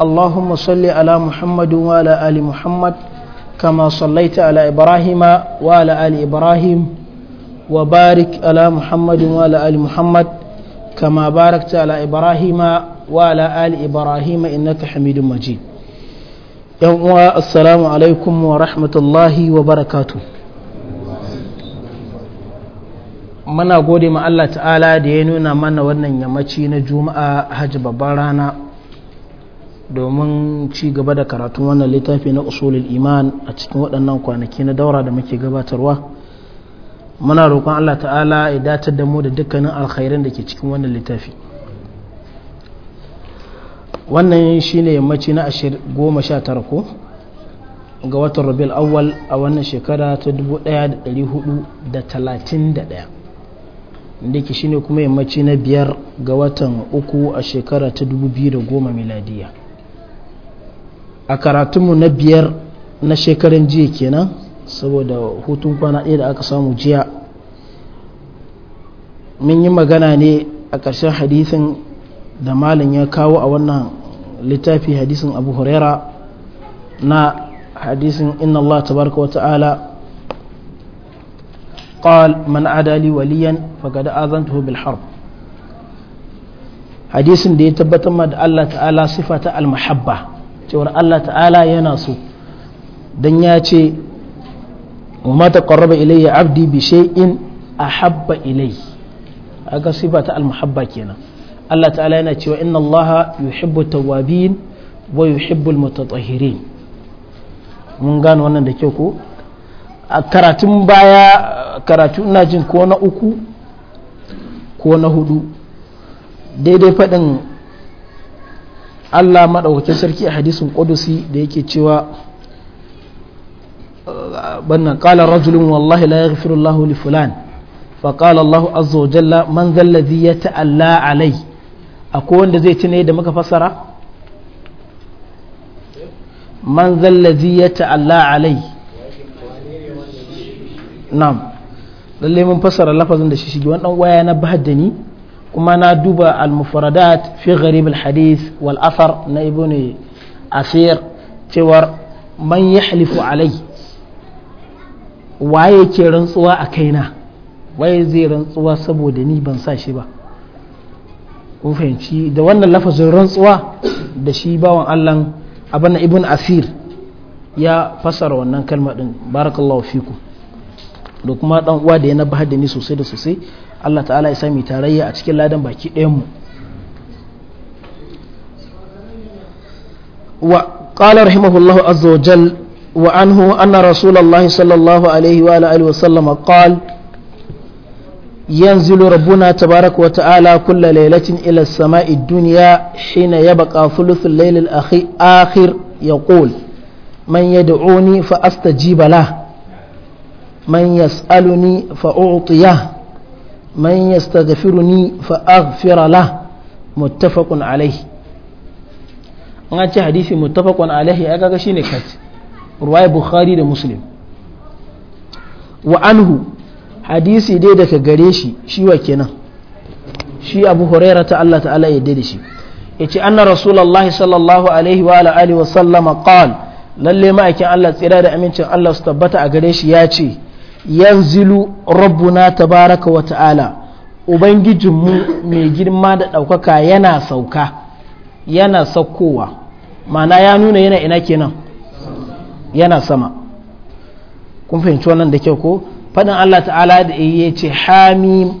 اللهم صل على محمد وعلى آل محمد كما صليت على إبراهيم وعلى آل إبراهيم وبارك على محمد وعلى آل محمد كما باركت على إبراهيم وعلى آل إبراهيم إنك حميد مجيد يوم السلام عليكم ورحمة الله وبركاته muna gode ma Allah ta'ala da ya nuna mana wannan yammaci na juma'a hajji babban rana domin ci gaba da karatun wannan littafi na usulul iman a cikin waɗannan kwanaki na daura da muke gabatarwa muna roƙon Allah ta'ala ya datar da mu da dukkanin alkhairin da ke cikin wannan littafi wannan shine yammaci na goma sha tara ko ga watan rabiul awwal a wannan shekara ta 1431 da ke shine kuma yammaci na biyar ga watan uku a shekara ta da 2010 miladiya a karatunmu na biyar na shekarun jiya kenan saboda hutun kwana ɗaya da aka samu jiya mun yi magana ne a ƙarshen hadisin da malin ya kawo a wannan littafi hadisin abu huraira na hadisin inna Allah tabaraka wa ta'ala قال من عدا لي وليا فقد آذنته بالحرب hadisin da ya tabbatar ma da Allah ta'ala sifata al almahabba cewar Allah ta'ala yana so dan ya ce wa mata taqarraba ilayya abdi bi shay'in ahabba ilai aka sifa ta al-muhabba kenan Allah ta'ala yana cewa inna Allah yuhibbu tawabin wa yuhibbu al-mutatahhirin mun gano wannan da kyau ko a karatun baya karatu ina jin ko na uku ko na hudu daidai faɗin Allah maɗaukakin sarki a hadisin ƙudusi da yake cewa banna ƙala rajulun wallahi la fi li fulan fa qala allahu azza wa jalla man dhal ladhi yata'alla alai akwai wanda zai tuna da muka fassara man dhal ladhi yata'alla alai na'am lalle mun fassara lafazin da shi shige wannan waya na bahaddani kuma na duba al-mufradat fi gharib al-hadith wal athar na ibn asir cewar man yahlifu alai waye ke rantsuwa a kaina waye zai rantsuwa saboda ni ban sa shi ba ku fahimci da wannan lafazin rantsuwa da shi bawan Allah abana ibn asir ya fasara wannan kalmar din barakallahu fiku da kuma dan uwa da ya nabahar da ni sosai da sosai Allah ta'ala ya sami tarayya a cikin ladan baki ɗayanmu. wa ƙalar rahimahullahu azza wa jal anhu anna rasulallahi sallallahu alaihi wa alihi wa qal yanzilu rabbuna tabaraka wa ta'ala kullal lailatin ila samai duniya hina yabqa thuluthul layl al-akhir akhir yaqul man yad'uni fa astajiba lah man yas'aluni fa u'tiyah من يستغفرني فأغفر له متفق عليه an ce hadisi muttafaqun alaihi ya kaga shine kat ruwaya bukhari da muslim wa anhu hadisi dai daga gare shi shi wa kenan shi ta Allah ta'ala ya da shi yace anna rasulullahi sallallahu alaihi wa ala alihi wa sallama qal lalle tsira da amincin Allah su tabbata a gareshi ya ce yanzilu rabbuna tabaraka wa ta'ala ubangijinmu mai girma da ɗaukaka yana sauka yana saukowa mana ya nuna yana ina kenan yana sama kun fahimci wannan da kyau ko faɗin Allah ta'ala da iya ce hamim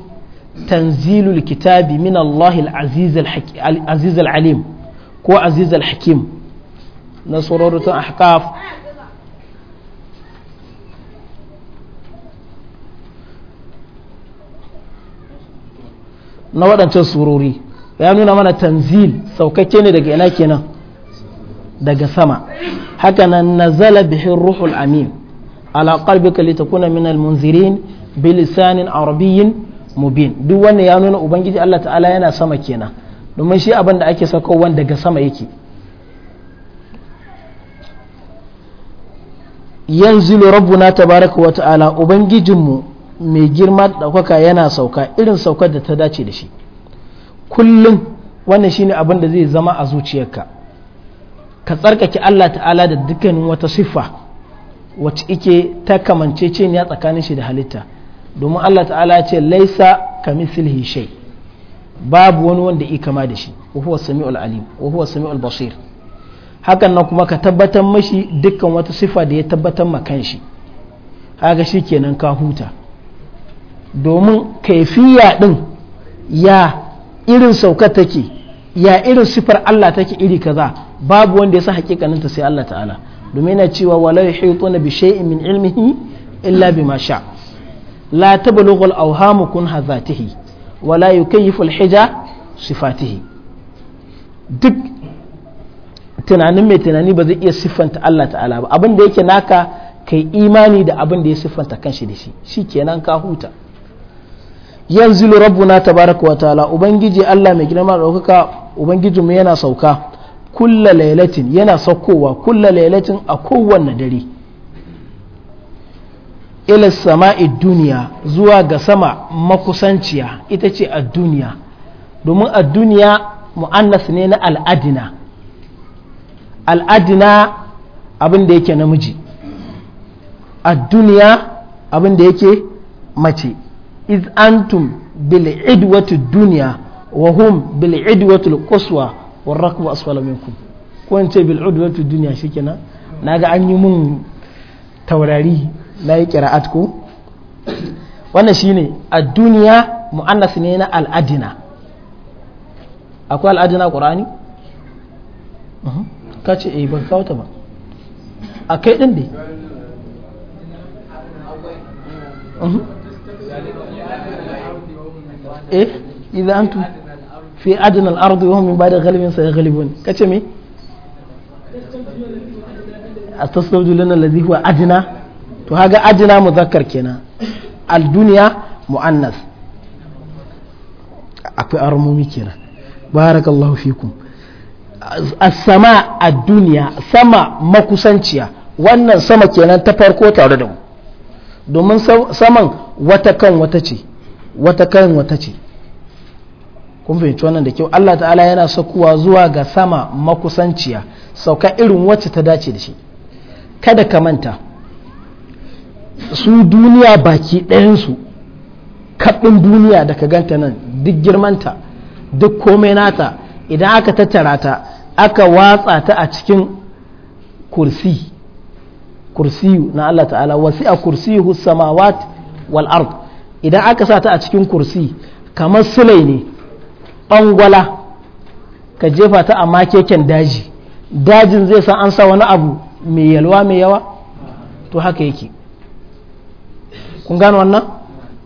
tanzilul kitabi min Allah al alim ko aziz hakim na sororutun ahqaf na waɗancan surori ya nuna mana tanzil saukakke ne daga ina kenan daga sama haka nan nazala bihin ruhul amin ala qalbika litakuna min almunzirin bilisanin arabiyyin mubin duk wannan ya nuna ubangiji Allah ta'ala yana sama kenan domin shi abin da ake saukowa daga sama yake yanzilu rabbuna tabaraka wa ta'ala ubangijinmu mai girma da ɗaukaka yana sauka irin saukar da ta dace da shi kullum wannan shine abin da zai zama a zuciyarka ka tsarkake Allah ta'ala da dukkanin wata siffa wacce ike ta kamanceceniya tsakanin shi da halitta domin Allah ta'ala ya ce laisa ka silhi shay babu wani wanda i kama da shi wa huwa samiul alim wa huwa samiul basir hakan nan kuma ka tabbatar mashi dukkan wata siffa da ya tabbatar ma kan shi haka shi kenan ka huta domin kaifiya ɗin ya irin saukar take ya irin sifar Allah take iri kaza babu wanda ya san ta sai Allah ta'ala domin yana cewa wala yuhituna bi shay'in min ilmihi illa bima sha la tablughu al-awhamu kun hazatihi wala yukayyifu al-hija sifatihi duk tunanin mai tunani ba zai iya siffanta Allah ta'ala ba abin da yake naka kai imani da abin da ya siffanta kanshi da shi shikenan ka huta yanzilu rabbuna tabaraka wa ta'ala ubangiji Allah mai girma daukaka ubangiji mu yana sauka kulla lailatin yana saukowa kulla lailatin a kowanne dare ila sama'i duniya zuwa ga sama makusanciya ita ce a duniya domin a duniya mu'annas ne na al'adina al'adina abin da yake namiji a duniya abin da yake mace iz antum bil idwati dunya wa hum bil idwati quswa war rakbu asfala minkum ko in ce bil idwati dunya shikenan naga an yi mun taurari na yi qira'at ko wannan shine ad-dunya mu'annas ne na al-adna akwai al-adna qur'ani ka ce eh ban kawo ta ba a kai din dai eh idza antum fi adna al-ard wa hum min ba'di ghalibin sayaghlibun kace me astasawju lana alladhi huwa adna to haga adna muzakkar kenan al-dunya muannas akwai armomi kenan barakallahu fikum as-sama ad-dunya sama makusanciya wannan sama kenan ta farko tare da mu domin saman wata kan wata ce wata kan wata ce kun fahimci wannan da kyau Allah ta'ala yana sakuwa zuwa ga sama makusanciya sauka irin wacce ta dace da shi kada ka manta su duniya baki ɗayansu kaɗin duniya da ka ganta nan duk girmanta duk komai nata idan aka tattara ta aka watsa ta a cikin kursi kursiyu na Allah ta'ala wasi a kursiyu samawat wal idan aka sa ta a cikin kursi kamar sulai ne bangwala ka jefa ta a makeken daji dajin zai san an sa wani abu mai yalwa mai yawa to haka yake kun gano wannan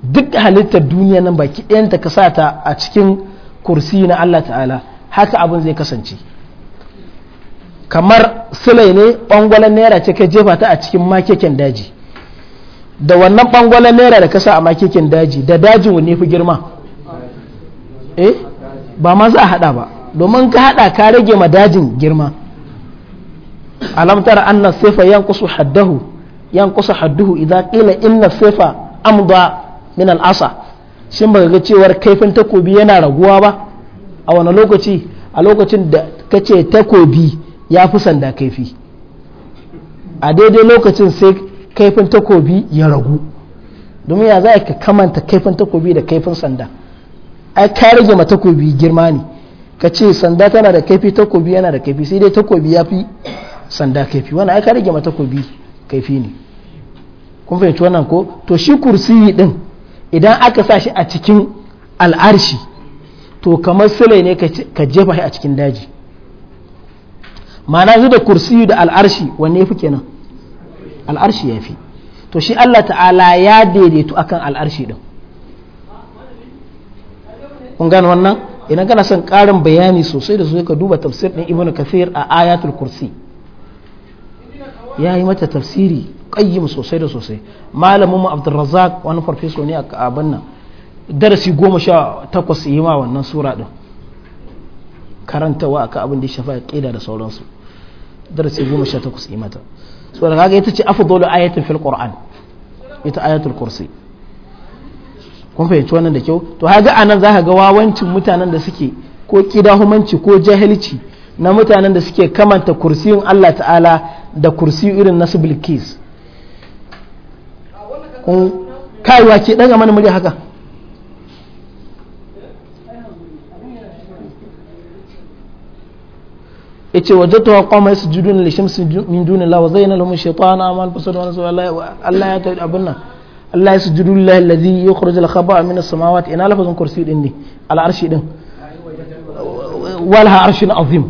duk halittar duniya nan baki ɗayanta ka sa ta a cikin kursi na Allah ta'ala haka abin zai kasance kamar sulai ne ɓangwalen naira ce ka jefa ta a cikin makeken daji da wannan bangwalen naira da kasa a makikin daji da dajin wanne fi girma eh ba ma za a hada ba domin ka hada ka rage ma dajin girma alamtar anna yan yanqusu haddahu yanqusu hadduhu idza qila inna sifa amda min al-asa shin baka ga cewar kaifin takobi yana raguwa ba a wani lokaci a lokacin da kace takobi ya fi sanda kaifi a daidai lokacin sai kaifin takobi ya ragu domin ya za ka kamanta kaifin takobi da kaifin sanda ai ka rage ma takobi girma ne ka ce sanda tana da kaifi takobi yana da kaifi sai dai takobi ya fi sanda kaifi wannan ai ka rage ma takobi kaifi ne kun fahimci wannan ko to shi kursiyi din idan aka sa shi a cikin al'arshi to kamar sule ne ka jefa shi a cikin daji ma'ana shi da kursiyu da al'arshi wanne fi kenan al'arshi ya fi to shi Allah ta'ala ya daidaitu akan al'arshi din kun gane wannan idan kana son ƙarin bayani sosai da sosai ka duba tafsir ɗin Ibn kafir a ayatul kursi ya yi mata tafsiri ƙayyim sosai da sosai malamin mu abdulrazak wani farfeso ne a abin nan darasi goma sha takwas yi ma wannan sura ɗin karantawa aka abin da ya shafa ƙida da sauransu darasi goma sha takwas yi mata saboda kaga ita ce afdalu ayatin fil qur'an ita ayatul kursi kun fahimci wannan da kyau to haga anan za ka ga wawancin mutanen da suke ko kidahumanci ko jahilci na mutanen da suke kamanta kursiyin Allah ta'ala da kursi irin na bilkis kaiwa ke daga mana murya haka yace wajadtu qawma yasjudun li shamsi min duni Allah wa zayyana lahum shaytanu amal fasad wa nasu Allah Allah ya ta abunna Allah ya yasjudu lillahi alladhi yukhrij al-khaba'a min as-samawati ina lafazin kursi din ne al-arshi din walaha arshun azim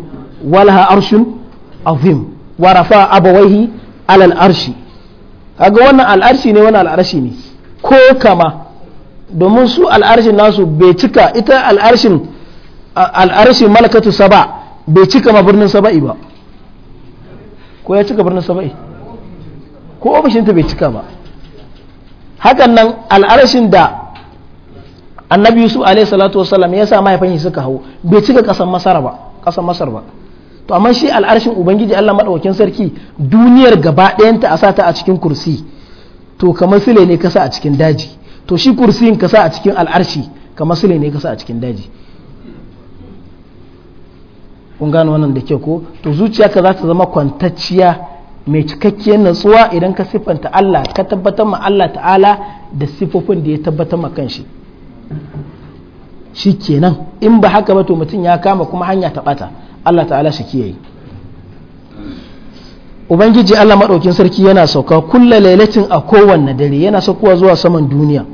walaha arshun azim wa rafa abawaihi ala al-arshi kaga wannan al-arshi ne wannan al-arshi ne ko kama domin su al-arshin nasu bai cika ita al-arshin al-arshin malakatu saba' bai cika ma birnin saba'i ba ko ya cika birnin saba'i ko ofishinta bai cika ba hakan nan al'arashin da annabi yusuf alaihi salatu wasallam ya sa mahaifan shi suka hau bai cika kasan masar ba kasan masar ba to amma shi al'arashin ubangiji Allah maɗaukin sarki duniyar gaba ɗayanta a sata a cikin kursi to kamar sile ne kasa a cikin daji to shi kursiyin kasa a cikin al'arshi kamar sile ne kasa a cikin daji kun gane wannan da ke ko to ka za ta zama kwantacciya mai cikakkiyar natsuwa idan ka siffanta Allah ka tabbatar ma Allah ta'ala da siffofin da ya tabbatar ma kanshi shi kenan in ba haka ba to mutum ya kama kuma hanya ta bata Allah ta'ala shi kiyaye ubangiji Allah maɗaukin sarki yana sauka kulla lailatin a kowanne dare yana saukowa zuwa saman duniya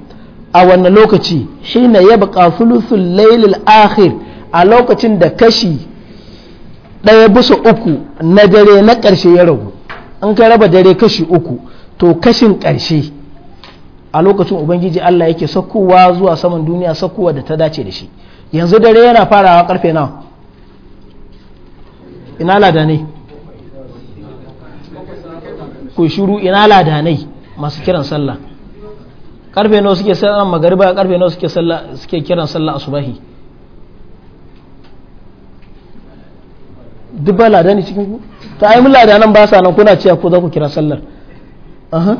a wannan lokaci shine ya baka sulusul lailil akhir a lokacin da kashi ɗaya bisa uku na dare na ƙarshe ya ragu an ka raba dare kashi uku to kashin ƙarshe a lokacin ubangiji Allah yake sakkowa zuwa saman duniya sakkowa da ta dace da shi yanzu dare yana farawa karfe nawa ina ladanai ku shiru ina ladanai masu kiran sallah karfe nawa suke sallan magariba karfe nawa suke sallah a kiran sallah asubahi duk ba lada ne cikin ku ta ai mun lada nan ba sa nan kuna cewa ko za ku kira sallar aha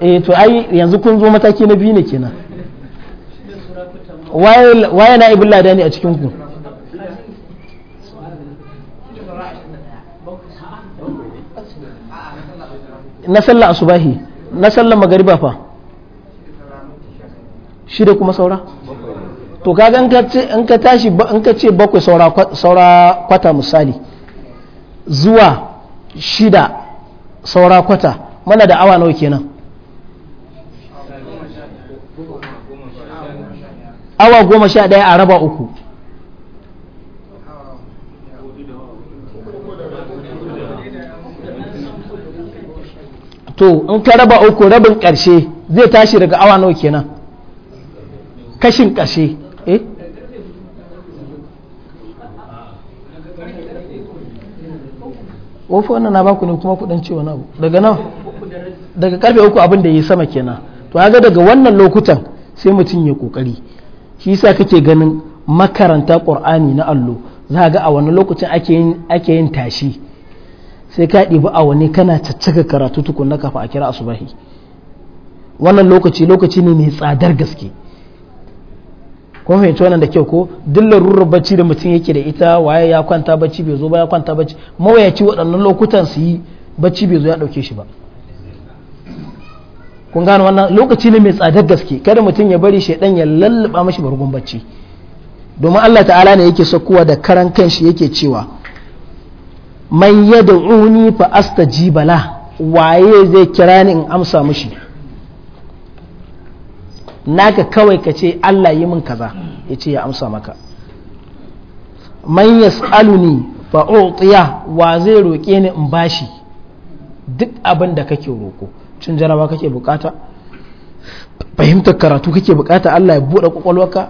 eh to ai yanzu kun zo mataki na biyu ne kenan waye waye na ibn lada ne a cikin ku na sallar asubahi na sallar magariba fa shi da kuma saura to kaga in ka tashi in ka ce bakwai saura kwata misali zuwa shida saura kwata mana da awa nawa kenan awa goma sha ɗaya a raba uku to in ka raba uku rabin ƙarshe zai tashi daga awa nawa kenan kashin ƙarshe eh wofi wannan na baku ne kuma kudan cewa abu daga nan daga karfe uku abin da ya yi sama kenan to ga daga wannan lokutan sai mutum ya kokari shi sa kake ganin makaranta ƙur'ani na allo za ga a wani lokacin ake yin yin tashi sai ka ɗibi a wani kana caccaka karatu tukunna kafa a kira asubahi wannan lokaci lokaci ne mai tsadar gaske kun fahimci wannan da kyau ko duk larurar bacci da mutum yake da ita waye ya kwanta bacci bai zo ba ya kwanta bacci mawayaci waɗannan lokutan su yi bacci bai zo ya ɗauke shi ba kun gano wannan lokaci ne mai tsadar gaske kada mutum ya bari shaidan ya lallaba mashi bargon bacci domin Allah ta'ala ne yake sakuwa da karan kanshi yake cewa man yad'uni fa astajibala bala waye zai kira ni in amsa mashi naka kawai ka ce Allah yi min kaza hmm. ya ce ya amsa maka man yas'aluni fa utiya wa zai roƙe ni in bashi duk abin da kake roƙo cin jarawa kake bukata fahimtar karatu kake bukata Allah ya buɗe kwakwalwarka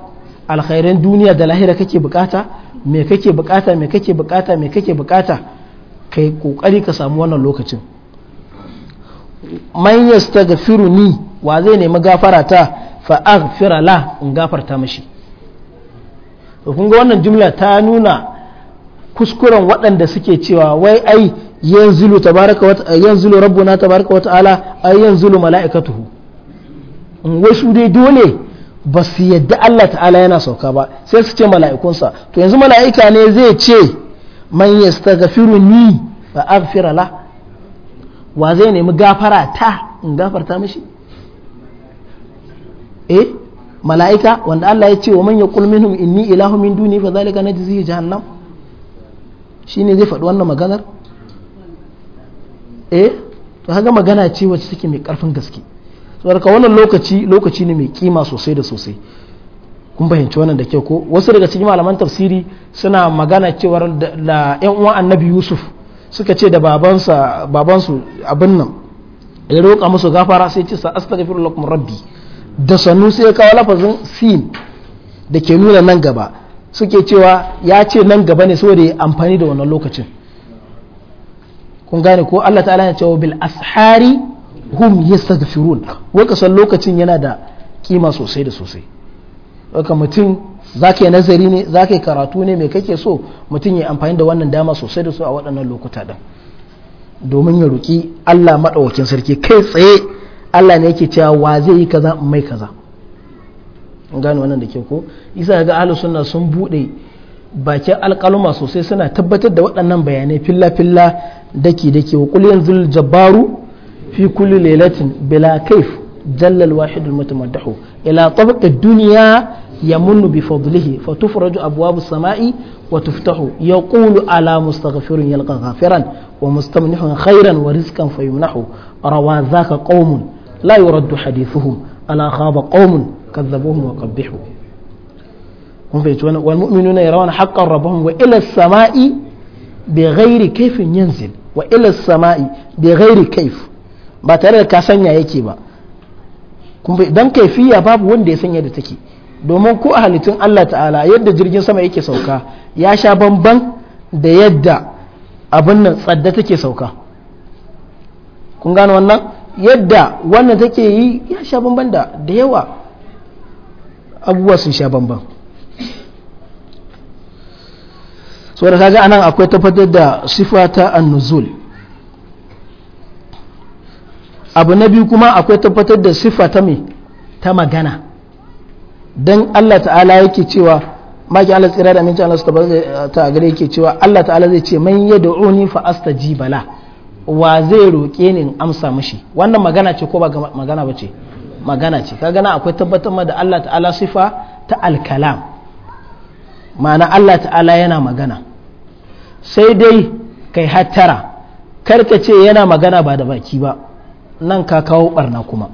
alkhairan duniya da lahira kake bukata me kake bukata me kake bukata me kake bukata kai kokari ka samu wannan lokacin man ni wa zai nemi gafara ta fa la in gafarta mashi to kun ga wannan jumla ta nuna kuskuren waɗanda suke cewa wai ai yanzilu tabaraka wata yanzilu rabbuna tabaraka wa ta'ala ai yanzilu mala'ikatuhu in dai dole ba su yadda Allah ta'ala yana sauka ba sai su ce mala'ikunsa to yanzu mala'ika ne zai ce man yastaghfiru ni fa aghfira wa zai nemi gafara ta in gafarta mishi eh mala'ika wanda Allah ya ce wa man yaqul minhum inni ilahu min duni fa zalika najzihi jahannam shine zai faɗi wannan maganar eh to haka magana ce wacce take mai karfin gaske saboda wannan lokaci lokaci ne mai kima sosai da sosai kun fahimci wannan da kyau ko wasu daga cikin malaman tafsiri suna magana cewa da ƴan uwan annabi yusuf suka ce da babansa babansu abin nan ya roƙa musu gafara sai ce sa astaghfiru rabbi da sannu sai ya kawo lafazin sin da ke nuna nan gaba suke cewa ya ce nan gaba ne saboda ya amfani da wannan lokacin kun gane ko Allah ta'ala ya ce bil ashari hum yastaghfirun wai san lokacin yana da kima sosai da sosai wai mutum zaka yi nazari ne zaka yi karatu ne mai kake so mutum ya amfani da wannan dama sosai da su a waɗannan lokuta din domin ya roki Allah madaukakin sarki kai tsaye Allah ne yake cewa wa zai yi kaza mai kaza gano wannan da ga ahlus sunna sun bude bakin alƙaluma sosai suna tabbatar da waɗannan bayanai filla filla daki daki wa kul yanzu jabaru fi kulli lailatin bila kaif jallal wahid almutamaddahu ila tabqa dunya yamunu bi fadlihi fa tufraju abwabu samai wa tuftahu yaqulu ala mustaghfirin yalqa ghafiran wa mustamnihun khairan wa rizqan fayumnahu rawa zaka qaumun la yuraddu hadithuhum ala khaba qaumun kazzabuhum wa qabbihu kun fahimci wannan wal mu'minuna yarawna haqqan rabbuhum wa ila as-sama'i bighairi ba tare da ka sanya yake ba dan kaifiya babu wanda ya sanya da take domin ko a halittun Allah ta'ala yadda jirgin sama yake sauka ya sha bamban da yadda abin nan tsadda take sauka kun gano wannan yadda wannan take yi ya sha bamban da da yawa abubuwa sun sha bamban so da kaga anan akwai tabbatar da sifa ta annuzul abu na biyu kuma akwai tabbatar da sifa ta mai ta magana don Allah ta'ala yake cewa maki Allah tsira da aminci Allah su ta gare yake cewa Allah ta'ala zai ce man yad'uni fa astajibala bala wa zai roƙe ni in amsa mashi, wannan magana ce ko ba magana ba ce magana ce Ka gana akwai tabbatar da Allah ta'ala sifa ta alkalam ma'ana Allah ta'ala yana magana sai dai kai hattara karka ce yana magana ba da baki ba nan ka kawo barna kuma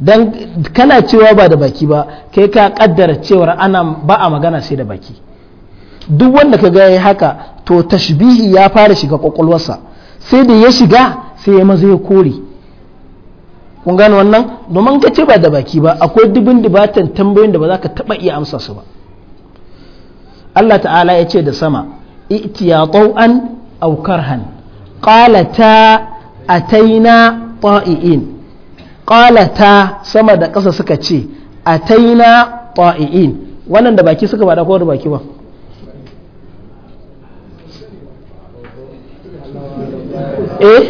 dan kana cewa ba da baki ba kai ka kaddara cewar ana ba a magana sai da baki duk wanda ka ga yi haka to tashbihi ya fara shiga kwakwalwarsa sai da ya shiga sai ya maza ya kore kun gane wannan domin ka ce ba da baki ba akwai dubin dubatan tambayoyin da ba za ka taba iya amsa su ba Allah ta'ala ya ce da sama itiya tau'an ƙalata karhan qalata ataina ta'i'in ƙalata sama da ƙasa suka ce a ataina ta'i'in wannan da baki suka ba da da baki ba eh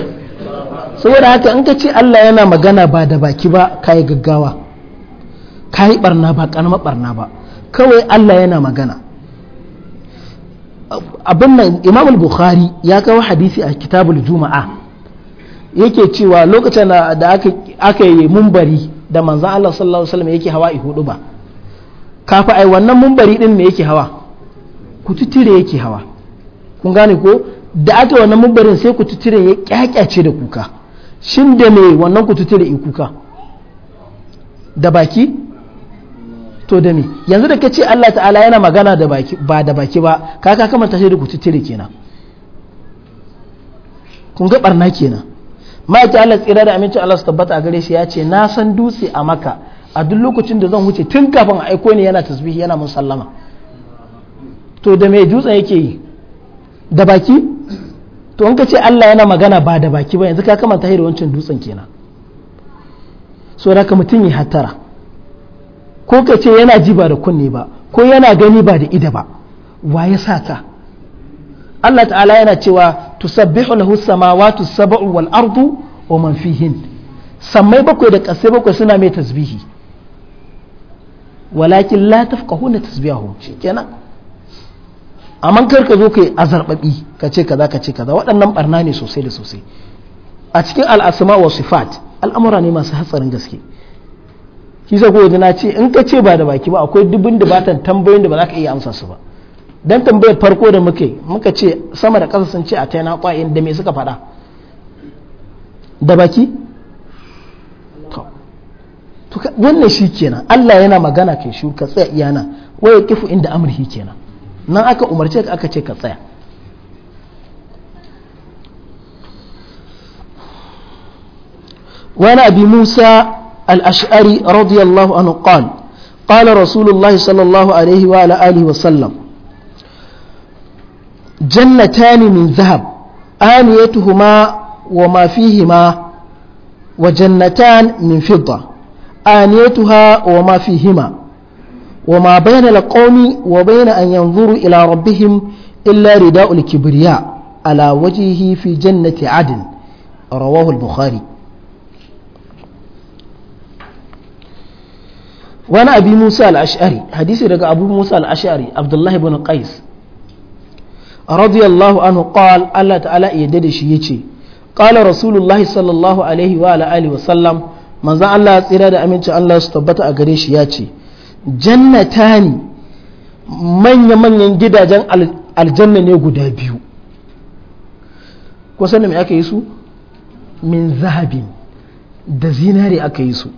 saboda haka in ka ce Allah yana magana ba da baki ba ka gaggawa ka yi barna ba karama barna ba kawai Allah yana magana abin nan imam bukhari ya kawo hadisi a kitabul juma'a yake cewa lokacin da aka yi mumbari da manzan Allah sallallahu alaihi wasallam yake hawa ihudu ba kafa ai wannan mumbari din me yake hawa ku kututture yake hawa kun gane ko da aka wannan mubarin sai kututture ya kyakyace da kuka shin da me wannan kututture in kuka da baki to da me yanzu da ce Allah ta'ala yana magana da baki ba da baki ba ka ka kamanta shi da kututture kenan kun ga barna kenan ma'aikata Allah tsira da aminci Allah su tabbata a gare shi ya ce na san dutse a maka a duk lokacin da zan wuce tun kafin aiko ne yana tasbihi yana musallama to da me dutsen yake yi da baki to in ka ce Allah yana magana ba da baki ba yanzu ka kama tahiri wancan dutsen kenan so da ka mutum ya hatara ko ka ce yana ji ba da kunne ba ko yana gani ba da ida ba wa ya sa ka Allah ta'ala yana cewa tusabbihu lahu samawati sab'u wal ardu wa man fihin sammai bakwai da kasai bakwai suna mai tasbihi walakin la tafqahuna tasbihahum shikenan amma kar ka zo kai azarbabi ka ce kaza ka ce kaza waɗannan barna ne sosai da sosai a cikin al'asuma wa sifat al'amura ne masu hatsarin gaske Kisa sa ko na ce in ka ce ba da baki ba akwai dubin batan tambayoyin da ba za ka iya amsa su ba dan tambayar farko da muke muka ce sama da ƙasa sun ce a taina ƙwayin da me suka faɗa da baki to wannan shi kenan Allah yana magana kai shi ka tsaya iyana waya kifu inda amrihi kenan nan aka umarce ka aka ce ka tsaya wani abi musa al-ash'ari radiyallahu anhu qal qala rasulullah sallallahu alaihi wa ala wa sallam jannatani min dhahab aniyatuhuma wa ma fihima wa jannatan min fidda aniyatuha wa ma fihima وما بين القوم وبين أن ينظروا إلى ربهم إلا رداء الكبرياء على وجهه في جنة عدن رواه البخاري وأنا أبي موسى الأشعري حديث رجع أبو موسى الأشعري عبد الله بن قيس رضي الله عنه قال الله تعالى يددش يجي قال رسول الله صلى الله عليه وعلى آله وسلم manzan Allah ya tsira da amincin Allah su tabbata a gare shi ya ce jannatani manya-manyan gidajen aljanna ne guda biyu ko da mai aka yi su min zahabin da zinari aka yi su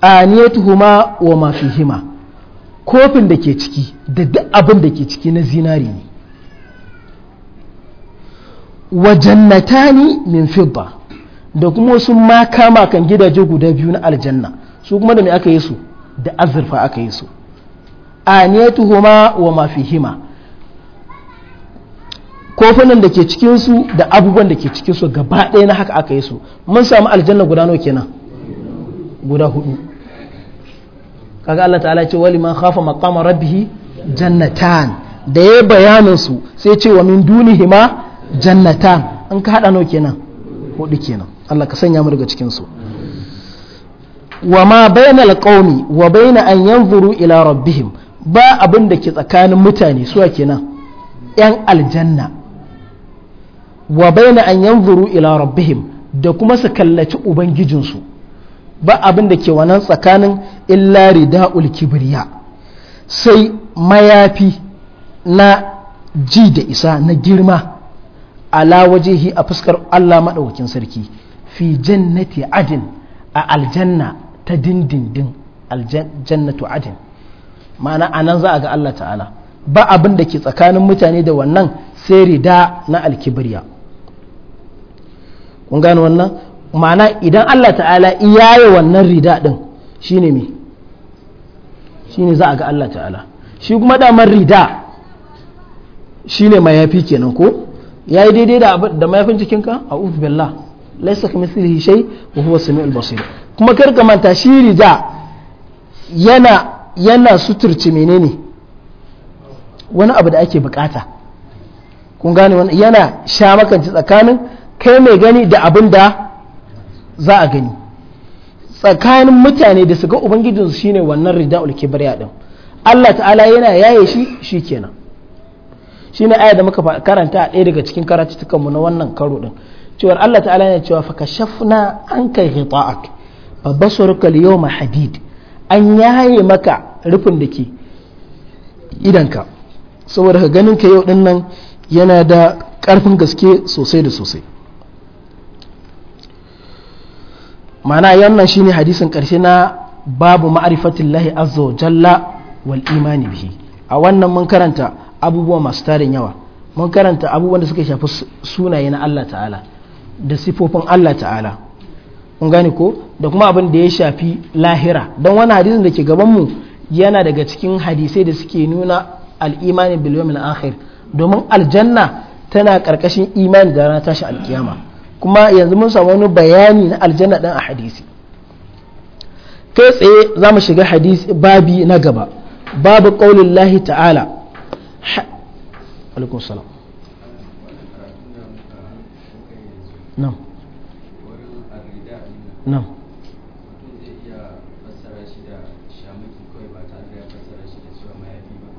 A aniyatuhuma wa mafi hima kofin da ke ciki da duk abin da ke ciki na zinari ne wa ne min fidda da kuma wasu makama kan gidaje guda biyu na aljanna su kuma da me aka yi su da azurfa aka yi su A tuhuma wa ma hima? kofunan da ke cikinsu da abubuwan da ke cikinsu, gaba ɗaya na haka aka yi su mun samu aljanna guda nau kenan guda hudu kaga Allah ta'ala ce wali man khafa maqama rabbih jannatan da ya bayanin su sai ce wa min dunihima jannatan an ka hada nawa kenan hudu kenan Allah ka sanya mu daga cikinsu. su wa ma bainal qaumi wa baina an yanzuru ila rabbihim ba abin da ke tsakanin mutane suwa kenan yan aljanna wa baina an yanzuru ila rabbihim da kuma su kallaci ubangijinsu ba abin da ke wannan tsakanin illa ridaul kibriya sai mayafi na ji da isa na girma ala wajehi a fuskar Allah maɗaukin sarki fi jannati adin a aljanna ta dindindin aljannatu adin ma'ana anan za a ga Allah ta'ala ba abin da ke tsakanin mutane da wannan sai rida na alkibriya kun gano wannan ma'ana idan Allah ta'ala yi wannan rida din shine me shine za a ga Allah ta'ala shi kuma damar rida shine mayafi kenan ko yayi daidai da mayafin cikinka a billah laysa kamithlihi shai wa huwa sami basir kuma kar ka manta shi rida yana yana suturce menene wani abu da ake bukata kun gane wani yana sha makanci tsakanin kai mai gani da abin da za a gani tsakanin mutane da suka ubangijinsu shine wannan rida'ul kibriya din Allah ta'ala yana yaye shi shi shikenan shine aya da muka karanta a ɗaya daga cikin karatuttukanmu na wannan karo ɗin. cewar Allah ta'ala ya cewa fa an anka hita'ak fa basaruka al-yawma hadid an yaye maka rufin da idanka saboda ka ganin ka yau dinnan yana da karfin gaske sosai da sosai ma'ana yannan shine hadisin karshe na babu ma'rifatillahi azza jalla wal imani bihi a wannan mun karanta abubuwa masu tarin yawa mun karanta abubuwan da suka shafi sunaye na Allah ta'ala da sifofin Allah ta'ala kun gane ko da kuma abin da ya shafi lahira don wani hadisin da ke gaban mu yana daga cikin hadisai da suke nuna al'imani bilomin yawmil akhir domin aljanna tana karkashin imani da rana tashi alkiyama kuma yanzu mun samu wani bayani na aljanna dan a hadisi kai tsaye za mu shiga hadisi babi na gaba babu ƙaunin lahi ta'ala alaikum salam na'am ba.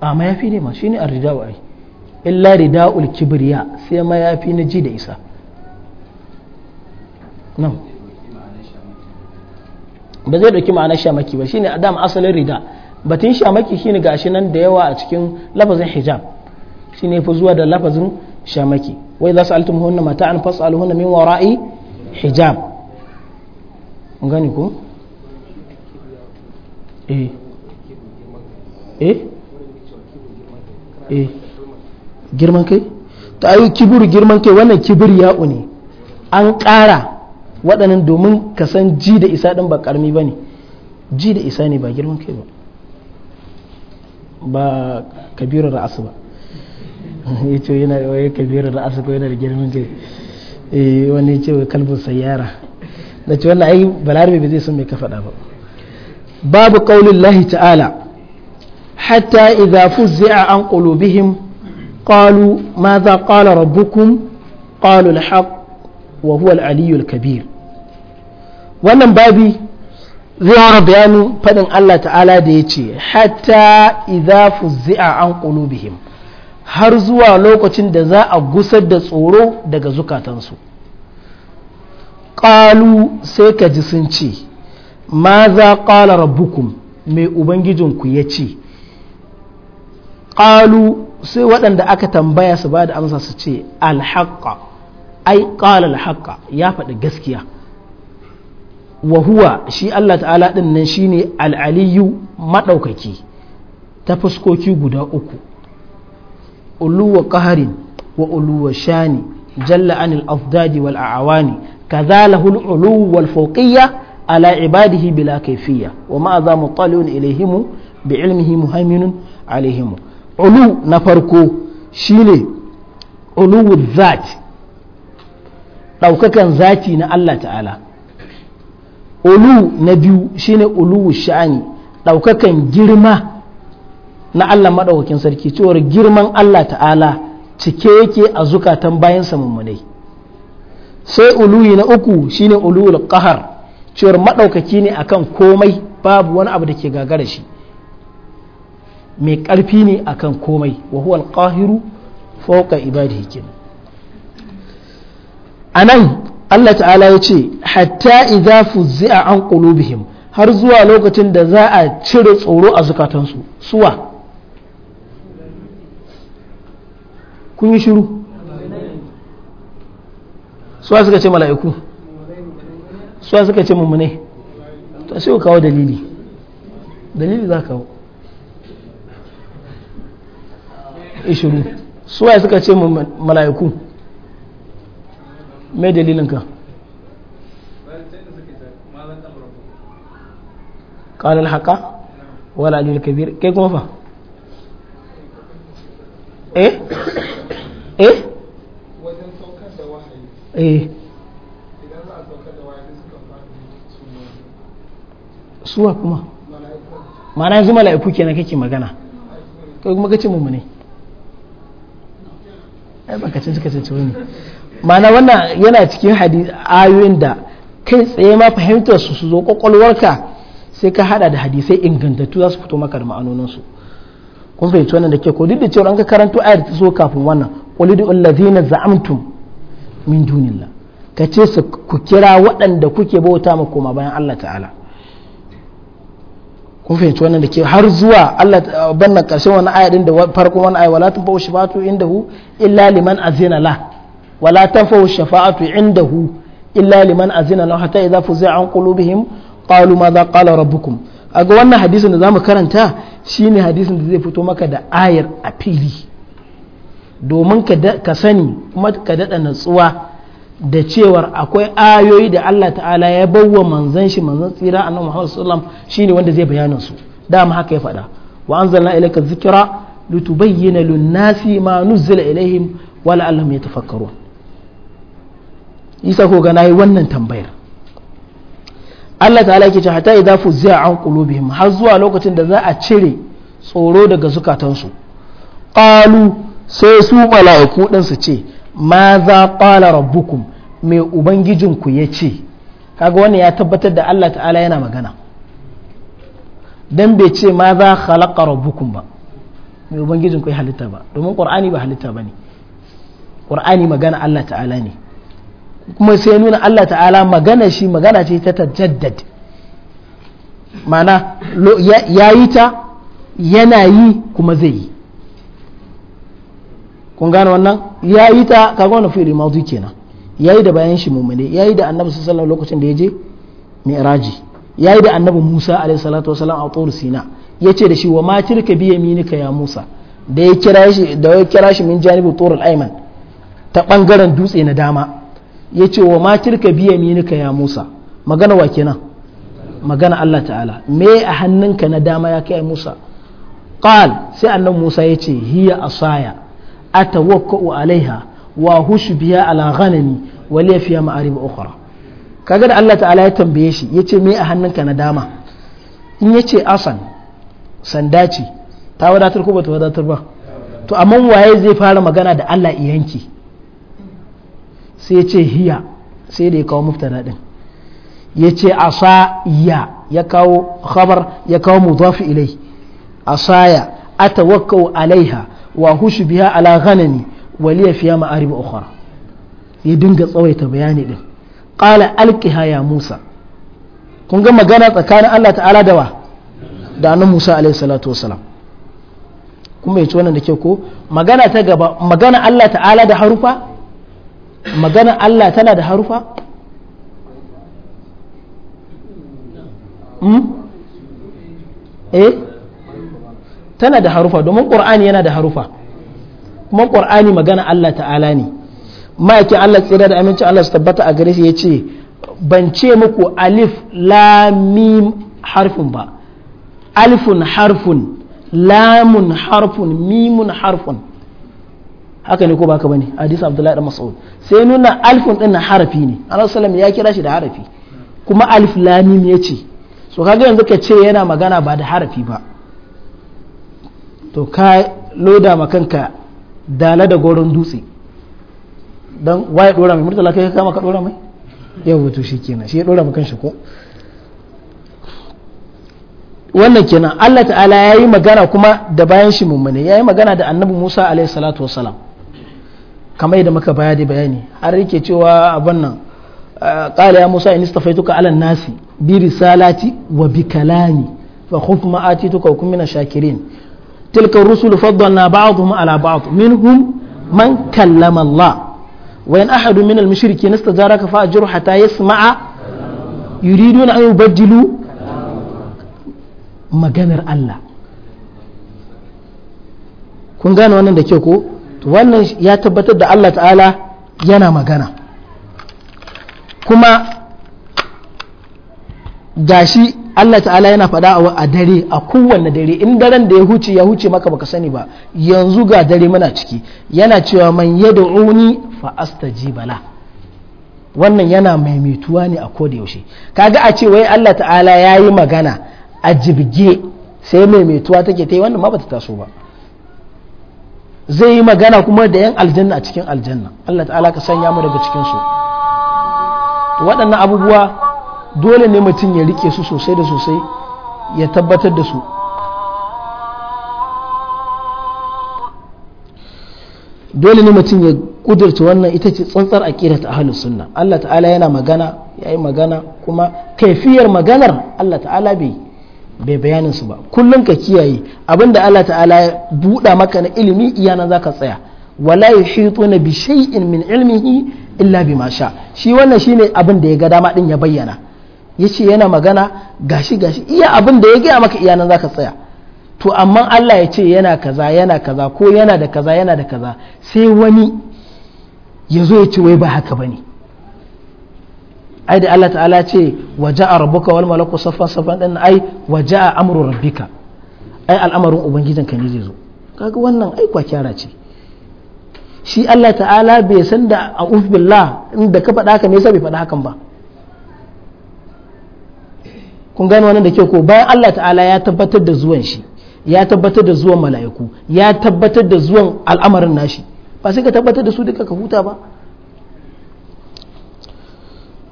a mayafi ne ma shi ne shine wa ai illa rida'ul kibriya sai mayafi na ji da isa nan ba zai dauki ma'anar shamaki ba shine adam asalin rida batun shamaki shine gashi nan da yawa a cikin lafazin hijab shine fi zuwa da lafazin shamaki wai za su wa mata an mata'an alhunna min wara'i hijab an gani ku? eh eh eh girman kai ta ayi kibir girman kai wannan kibir ya'u ne an ƙara waɗannan domin ka san ji da isa ɗin ba ƙarami ba ne ji da isa ne ba girman kai ba ba kabirar ra'asu ba ya ce yana da waye kabiru da ko yana da girman kai eh, wani ce wai kalbin sayyara na ce wannan ai balarabe ba zai san me ka faɗa ba babu qaulin lahi ta'ala hatta idza fuzzi'a an qulubihim qalu madha qala rabbukum qalu al wa huwa aliyu aliyyu kabir wannan babi zai fara bayanin faɗin Allah ta'ala da ya ce hatta idza fuzzi'a an qulubihim har zuwa lokacin da za a gusar da tsoro daga zukatansu ƙalu sai ka ji sun ce ma za ƙala rabbukum mai ubangijinku ya ce ƙalu sai waɗanda aka tambaya su ba da amsa su ce alhaƙa ai ƙala alhaƙa ya faɗi gaskiya wa huwa shi Allah ta'ala ɗin nan ne al'aliyu maɗaukaki ta fuskoki guda uku ألو قهر وألو شان جل عن الأضداد والأعوان كذا له العلو والفوقية على عباده بلا كيفية وما ذا مطلع إليهم بعلمه مهيمن عليهم علو نفركو شيني علو الذات لو كان ذاتي نا الله تعالى علو نبيو شيني علو الشأن لو كان جرمه na Allah maɗaukakin sarki cewar girman Allah ta'ala cike yake a zukatan bayan mummunai sai uluyi na uku shine ulul qahar cewar maɗaukaki ne akan komai babu wani abu da ke gagara shi mai ƙarfi ne akan komai wa huwa alqahiru fawqa ibadihi kin anan Allah ta'ala ya ce hatta idza a an qulubihim har zuwa lokacin da za a cire tsoro a zukatansu suwa kun yi shiru suwa suka ce mala'iku suwa suka ce mummune ta sai kawo dalili dalili za kawo ishiru suwa suka ce mala'iku mai dalilinka قال الحق ولا الكبير كيف كيف ايه eh wajen saukar da wahayi eh idan za a saukar da wahayi suka suwa kuma ma'ana yanzu mala'iku kenan kake magana kai kuma kace mumune ai baka cin suka cin tuni ma'ana wannan yana cikin hadisi ayoyin da kai tsaye ma fahimtar su su zo kwakwalwarka sai ka hada da hadisai ingantattu za su fito maka da ma'anonin su kun fahimci wannan da ke ko duk da cewa an ka karanto ayar ta so kafin wannan ulidu allazina za'amtum min dunillah ka ce su ku kira waɗanda kuke bauta ma koma bayan Allah ta'ala kun fahimci wannan da ke har zuwa Allah banna karshen wani aya din da farko wani aya wala tanfa'u shafa'atu indahu illa liman azina la wala tanfa'u shafa'atu indahu illa liman azina la hatta idza fuzi'a an qulubihim qalu madha qala rabbukum aga wannan hadisin da zamu karanta shine hadisin da zai fito maka da ayar a fili domin ka sani kuma ka daɗa natsuwa da cewar akwai ayoyi da Allah ta'ala ya bawa manzan shi manzan tsira a Muhammad Muhammadu Sallam shi shine wanda zai bayanan su dama haka ya faɗa wa an anzalna ilayka dhikra litubayyana lin-nasi ma nuzila ilaihim wa la'allahum yatafakkarun isa ko ga nayi wannan tambayar Allah ta'ala yake cewa hatta idza fuzza an qulubihim har zuwa lokacin da za a cire tsoro daga zukatansu qalu sai su mala'iku ɗin su ce ma za ƙwala rabbukum mai ubangijinku ya ce kaga wani ya tabbatar da Allah ta'ala yana magana don bai ce ma za khalaqa rabbukum ba mai ubangijinku ya halitta ba domin ƙwar'ani ba halitta ba ne ƙwar'ani magana Allah ta'ala ne kuma sai nuna Allah ta'ala magana shi magana ce ta tajaddad mana ya yi ta yana yi kuma zai yi kun gane wannan ya yi ta kaga wannan fi'ili madi kenan ya yi da bayan shi mummune ya yi da annabi sallallahu lokacin da ya je mi'raji ya yi da annabi musa alaihi salatu wasalam a tsoro sina ya ce da shi wa ma tilka biya minika ya musa da ya kira shi da ya kira shi min janibu turul ayman ta bangaren dutse na dama ya ce wa ma tilka biya minika ya musa magana wa kenan magana Allah ta'ala me a hannunka na dama ya kai musa qal sai annabi musa ya ce hiya asaya atawakka'u alaiha wa hushu biya ala ghanami wa liya fiya ma'arib ukhra kaga da Allah ta'ala ya tambaye shi yace me a hannunka na dama in yace asan sanda ce ta wadatar ko bata wadatar ba to amma waye zai fara magana da Allah iyanki sai yace hiya sai da ya kawo muftada din yace asa ya ya kawo khabar ya kawo mudaf ilai asaya atawakkau alaiha wa hushu biya ala ghanami waliya fi fiya ma'arib ukhra ya dinga tsawaita bayani din qala alqiha ya musa kun ga magana tsakanin Allah ta'ala da wa da annabi Musa alaihi salatu wasalam kuma yace wannan da ke ko magana ta gaba magana Allah ta'ala da harufa magana Allah tana da harufa hmm? eh tana da harufa domin qur'ani yana da harufa kuma ƙur'ani magana Allah ta'ala ne ma'aikin Allah tsira da aminci Allah su tabbata a gare shi ce ban ce muku alif lamim mim harfun ba alifun harfun lamun harfun mimun harfun haka ne ko baka bane hadisi abdullahi dan mas'ud sai nuna alifun din harafi ne annabi sallallahu ya kira shi da harafi kuma alif lamim ya yace so kaga yanzu ka ce yana magana ba da harafi ba to ka loda ma kanka dala da goron dutse don waye dora mai murtala kai kama ka dora mai yau to shi kenan shi ya dora ma kanshi ko wannan kenan Allah ta'ala ya yi magana kuma da bayan shi mummune ya yi magana da annabi Musa alaihi salatu wassalam kamar yadda muka baya da bayani har yake cewa abin nan ah, qala ya Musa in istafaituka ala nasi bi risalati wa bi kalami fa khudh ma atituka shakirin تلك الرسل فضلنا بعضهم على بعض منهم من كلم الله وإن أحد من المشركين استجارك فأجره حتى يسمع يريدون أن يبدلوا maganar Allah kun gane wannan da ke ko wannan ya tabbatar da Allah ta'ala yana magana kuma gashi Allah ta'ala yana faɗa a dare a kowanne dare in daren da ya huce ya huce maka baka sani ba yanzu ga dare muna ciki yana cewa man uni fa ji bala wannan yana maimaituwa ne a koda yaushe kaga a ce wai Allah ta'ala ya yi magana a jibge sai mai maimaituwa take ta yi wannan ma bata taso ba zai yi magana kuma da yan aljanna a cikin aljanna Allah ta'ala ka sanya mu daga cikin su waɗannan abubuwa dole ne mutum ya rike su sosai da sosai ya tabbatar da su dole ne mutum ya kudurta wannan ita ce tsantsar aqida ta ahalin sunna Allah ta'ala yana magana ya yi magana kuma kaifiyar maganar Allah ta'ala bai bai bayanin su ba kullum ka kiyaye abinda Allah ta'ala ya buɗa maka na ilimi iyanan za ka tsaya wala ya yuhituna bi shay'in min ilmihi illa ma sha shi wannan shine abin da ya ga dama din ya bayyana ya ce yana magana gashi gashi iya abin da ya gaya maka iyanan za ka tsaya to amma Allah ya ce yana kaza yana kaza ko yana da kaza yana da kaza sai wani ya zo ya ce wai ba haka ba ne ai da Allah ta'ala ce waje a wal malaku safan-safan din. ai waje a rabbika ai al'amarin ubangijin ka ne zai zo kaga wannan ai kyara ce shi Allah ta'ala bai san da a billah inda ka faɗa haka me yasa bai faɗa hakan ba kun gano wannan da ke ko bayan Allah ta'ala ya tabbatar da zuwan shi ya tabbatar da zuwan mala'iku ya tabbatar da zuwan al'amarin nashi ba sai ka tabbatar da su duka ka huta ba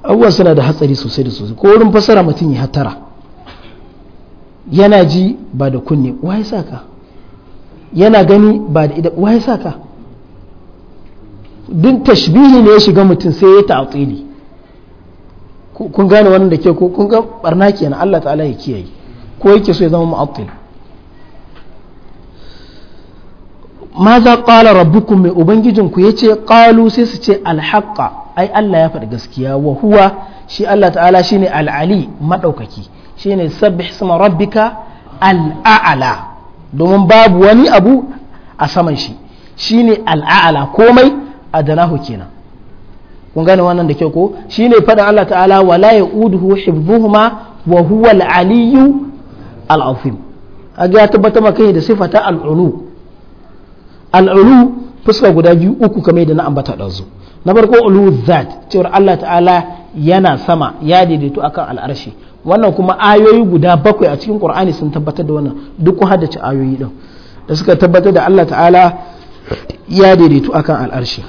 abubuwan suna da hatsari sosai da sosai ko wurin fasara mutum ya hatara yana ji ba da kunne waye yasa ka yana gani ba da ida waye yasa ka duk tashbihi ne ya shiga mutum sai ya ta'atili kun gane wannan da ke ko kun ga barna kenan Allah ta'ala ya kiyaye ko yake so ya zama mu'attil maza qala rabbukum mai ubangijin ku yace qalu sai su ce alhaqa ai Allah ya faɗi gaskiya wa huwa shi Allah ta'ala shine al'ali madaukaki shine sabbih isma rabbika al'ala domin babu wani abu a saman shi shine al komai adanahu kenan kun gane wannan da kyau ko shi ne faɗin Allah ta'ala wala ya'uduhu hibbuhuma wa huwa al-aliyyu al-azim aga ya tabbatar maka da sifata al-ulu al fuska guda biyu uku kamar da na ambata dazu na farko ulu zat cewar Allah ta'ala yana sama ya daidaito akan al'arshi wannan kuma ayoyi guda bakwai a cikin Qur'ani sun tabbatar da wannan duk ku haddace ayoyi ɗin da suka tabbatar da Allah ta'ala ya daidaito akan al'arshi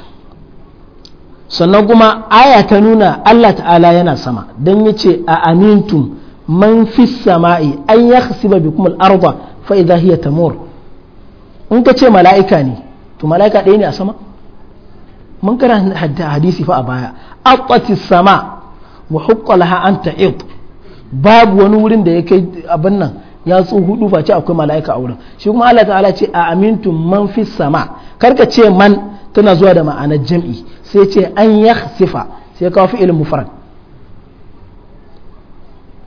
sannan kuma aya ta nuna Allah ta'ala yana sama don ya ce a amintum man fi sama'i an ya hasiba bi kuma al'arba fa idza hiya in ka ce mala'ika ne to mala'ika ɗaya ne a sama mun kara hadisi fa a baya aqati sama wa hukka laha an ta'id babu wani wurin da ya kai abin nan ya tsu hudu face akwai mala'ika a wurin shi kuma Allah ta'ala ce a amintum man fi sama karka ce man tana zuwa da ma'anar jam'i sai ce an sifa sai kawo fi'il mufrad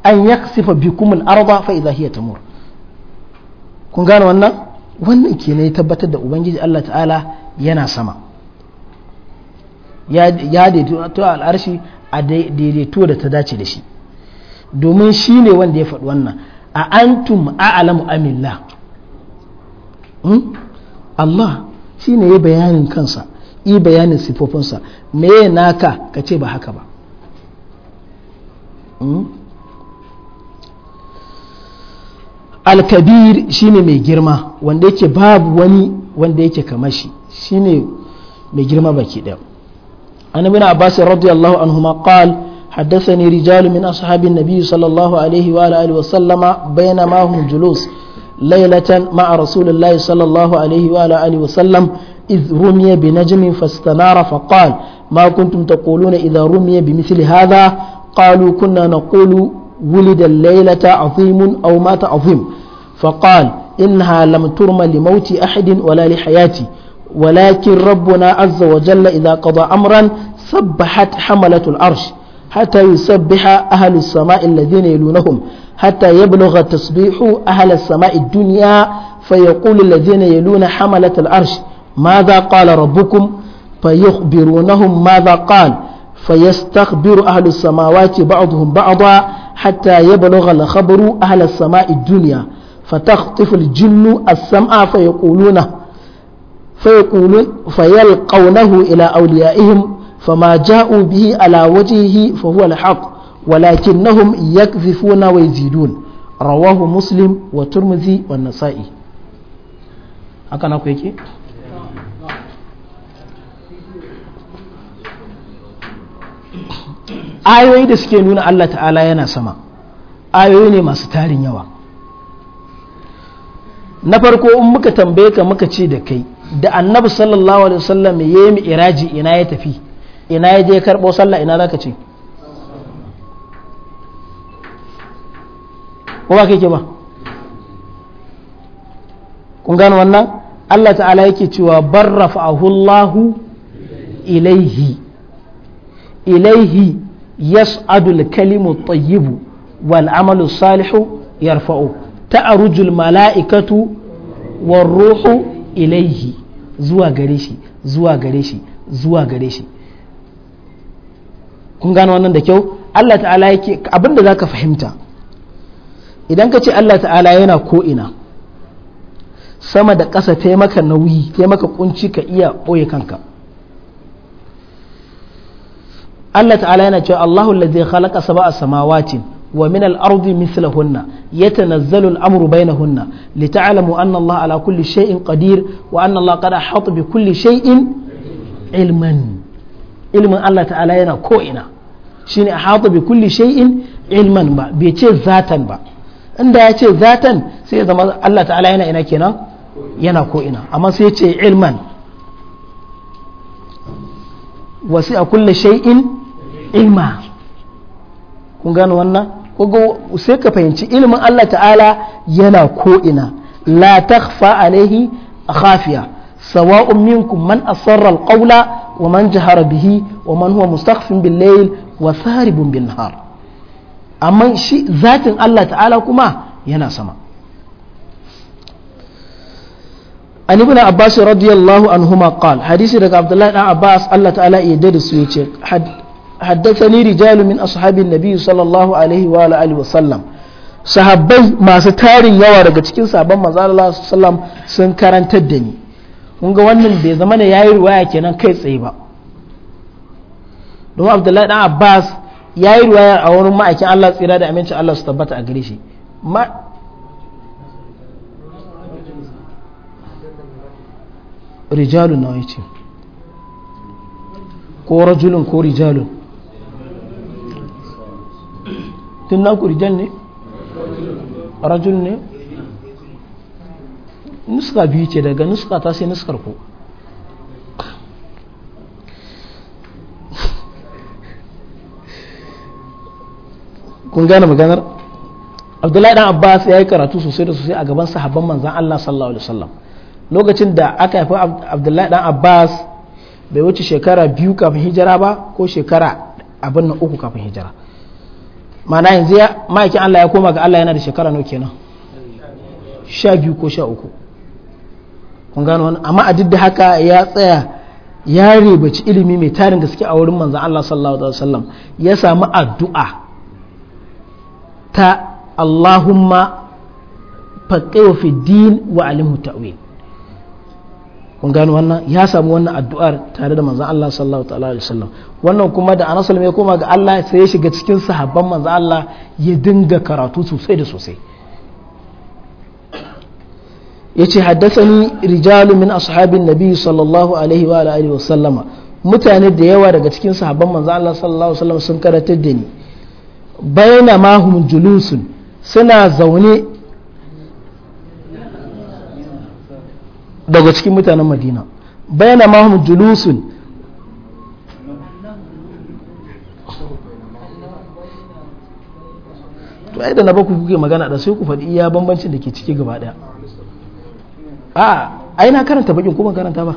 an yakhsifa bikum al arba fa idha hiya tamur kun gane wannan wannan kenan ya tabbatar da ubangiji Allah ta'ala yana sama ya daidaito al'arshi a daidaito da ta dace da shi domin shi ne wanda ya faɗi wannan a antum a'lamu amillah hmm? Allah shi ne ya bayanin kansa i bayanin sifofinsa me naka ka ce ba haka ba hmm? alkabir shine mai girma wanda yake babu wani wanda yake kamar shi shine mai girma baki ɗaya. annabi na abbas radiyallahu anhu ma qal haddathani rijal min ashabin nabiy sallallahu alaihi julus Lailatan ma'a rasulillahi sallallahu إذ رمي بنجم فاستنار فقال ما كنتم تقولون إذا رمي بمثل هذا قالوا كنا نقول ولد الليلة عظيم أو مات عظيم فقال إنها لم ترم لموت أحد ولا لحياتي ولكن ربنا عز وجل إذا قضى أمرا سبحت حملة العرش حتى يسبح أهل السماء الذين يلونهم حتى يبلغ التسبيح أهل السماء الدنيا فيقول الذين يلون حملة العرش ماذا قال ربكم فيخبرونهم ماذا قال فيستخبر أهل السماوات بعضهم بعضا حتى يبلغ الخبر أهل السماء الدنيا فتخطف الجن السمع فيقولونه فيقولون فيلقونه إلى أوليائهم فما جاءوا به على وجهه فهو الحق ولكنهم يكذفون ويزيدون رواه مسلم وترمذي والنسائي هكذا نقول ayoyi da suke nuna Allah ta'ala yana sama ayoyi ne masu tarin yawa na farko in muka tambaye ka muka ce da kai da annabi sallallahu alaihi wasallam ya yi iraji ina ya tafi ina ya je karɓo sallah ina zaka ce ko ba kake ba kun gano wannan Allah ta'ala yake cewa barrafa ahullahu ilaihi ilaihi يصعد الكلم الطيب والعمل الصالح يرفعه تعرج الملائكة والروح إليه زوا غريشي زوا غريشي زوا غريشي kun gano wannan da kyau Allah ta'ala yake abin da zaka fahimta idan ka ce Allah ta'ala yana ko ina sama da ƙasa taimaka nauyi taimaka kunci ka iya ɓoye kanka Allah ta'ala yana cewa Allahu allazi khalaqa sab'a samawati wa min al-ardi mithlahunna yatanazzalu al-amru bainahunna lita'lamu anna Allah ala kulli shay'in qadir wa anna Allah qad ahata bi kulli shay'in ilman ilmin Allah ta'ala yana ko ina shine ahata bi kulli shay'in ilman ba bai ce zatan ba inda ya ce zatan sai ya zama Allah ta'ala yana ina kenan yana ko ina amma sai ya ce ilman wasi a kulle shay'in ilma kun gano wannan kogo sai ka fahimci ilimin Allah ta'ala yana ko'ina la takhfa alaihi khafiya sawa'un minkum man asarra alqawla wa man jahara bihi wa man huwa mustakhfin bil layl wa saribun bin nahar amma shi zatin Allah ta'ala kuma yana sama an ibn abbas radiyallahu anhuma qala hadisi daga abdullahi dan abbas Allah ta'ala ya dade su yace haddathani rijalu min ashabin nabi sallallahu alaihi wa alihi wa sallam sahabbai masu tarin yawa daga cikin sabon manzo Allah sallam sun karantar da ni kun ga wannan bai zama ne yayi ruwaya kenan kai tsaye ba don Abdullahi dan Abbas yayi ruwaya a wurin ma'aikin Allah tsira da amincin Allah su tabbata a gare shi rijalun nawa ce, ko rajulun ko rijalun tun na ku rijal ne rajul ne nuska biyu ce daga nuska ta sai nuskar ku kun gane maganar abdullahi dan abbas ya yi karatu sosai da sosai a gaban sahabban manzan allah sallallahu alaihi wasallam lokacin da aka haifi abdullahi dan abbas bai wuce shekara biyu kafin hijira ba ko shekara abin na uku kafin hijira mana yanzu ya ma'aikin Allah ya koma ga Allah yana da shekara nawa kenan sha biyu ko sha uku kun gano wani amma a duk da haka ya tsaya ya rebaci ilimi mai tarin gaske a wurin manzan Allah sallallahu alaihi wasallam ya samu addu'a ta Allahumma faqihu fi din wa alimu ta'wil kun gano wannan ya samu wannan addu'ar tare da manzon Allah sallallahu ta'ala alaihi wasallam wannan kuma da Anas ya koma ga Allah sai ya shiga cikin sahabban manzon Allah ya dinga karatu sosai da sosai yace haddathani rijalu min ashabin nabi sallallahu alaihi wa alihi wasallama mutane da yawa daga cikin sahabban manzon Allah sallallahu alaihi wasallam sun karatar da ni bayna ma hum julusun suna zaune daga cikin mutanen madina bayana mahum julusun to ai da na baku kuke magana da sai ku faɗi iya bambancin da ke ciki gaba ɗaya a ai na karanta bakin kuma karanta ba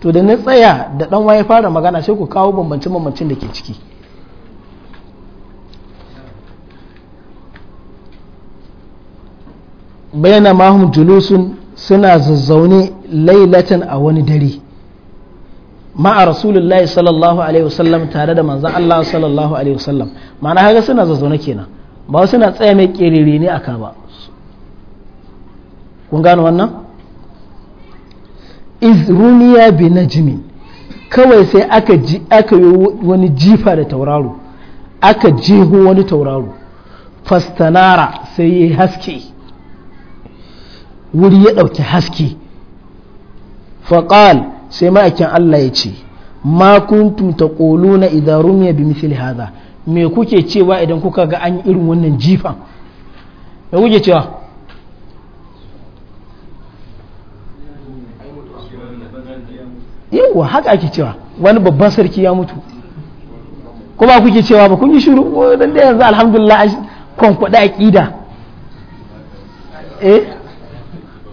to da na tsaya da dan waye fara magana sai ku kawo bambancin bambancin da ke ciki bayana mahum julusun suna zazzaune lailatan a wani dare ma'a rasulullahi sallallahu alaihi wasallam tare da manzan Allah sallallahu alaihi wasallam ma'ana haka suna zazzaune kenan ba suna tsaya mai kiriri ne aka ba kun gano wannan izruniya bi najmi kawai sai aka ji aka yi wani jifa da tauraro aka jeho wani tauraro fastanara sai ya haske wuri ya ɗauki haske faƙal sai ma'aikin Allah ya ce ma kuntum na idza rumiya bi misali haza me kuke cewa idan kuka ga an irin wannan jifan me kuke cewa yawa haka ake cewa wani babban sarki ya mutu kuma kuke cewa ba kun yi shiru dan da yanzu alhamdulillah an kwankwada aqida eh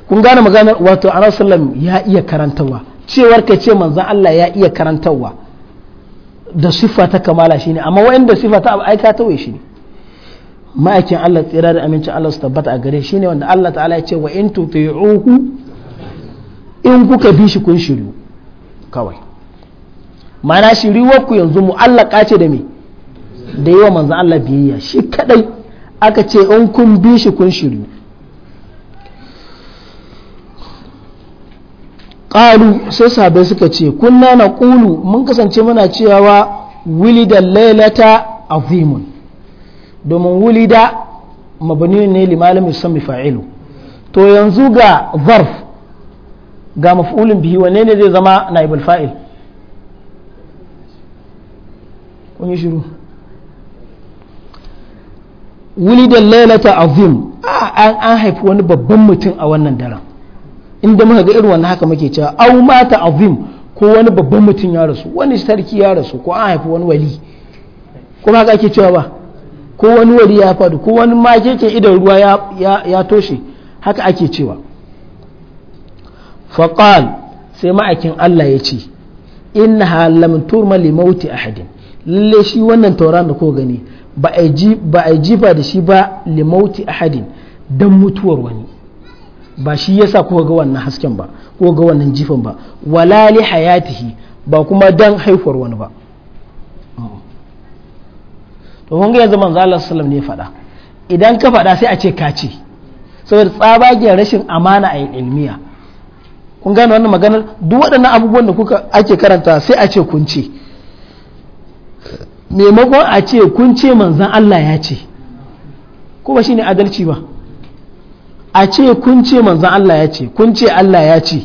kun gane maganar wato a sallam ya iya karantarwa cewar ka ce manzan Allah ya iya karantarwa da siffa ta kamala shi ne amma da siffa ta aika ta wai shi ne ma'aikin Allah tsira da amincin Allah su tabbata a gare shi ne wanda Allah ta'ala ya ce wa in tuti'uhu in kuka bi shi kun shiru kawai mana shiruwar ku yanzu mu Allah ce da me da yi wa manzan Allah biyayya shi kadai aka ce in kun bi shi kun shiru ƙalu sai sahabai suka ce kunna na ƙulu mun kasance muna cewa wulida laylata azimun domin wulida mabani ne limalam yusammi fa'ilu to yanzu ga zarf ga maf'ulin bihi wanne ne zai zama naibul fa'il kun yi shiru wulida laylata azim ah, an haifi wani babban mutum a wannan daren inda muka ga irin wannan haka muke cewa au mata azim ko wani babban mutum ya rasu wani sarki ya rasu ko an haifi wani wali kuma ka ake cewa ba ko wani wali ya faɗi ko wani makeke idan ruwa ya toshe haka ake cewa faqal sai ma'aikin Allah ya ce inna lam turma li mauti ahadin lalle shi wannan tauran da ko gani ba a jifa da shi ba li mauti ahadin dan mutuwar wani ba shi yasa kuka ga wannan hasken ba ko ga wannan jifin ba wala li hayatihi ba kuma dan haihuwar wani ba to kun ga yanzu manzo Allah sallallahu ne faɗa idan ka faɗa sai a ce ka ce saboda tsabagen rashin amana a ilmiya kun gane wannan maganar duk waɗannan abubuwan da kuka ake karanta sai a ce kun ce maimakon a ce kun ce manzan Allah ya ce ko ba shine adalci ba a ce kun ce manzan Allah ya ce kun ce Allah ya ce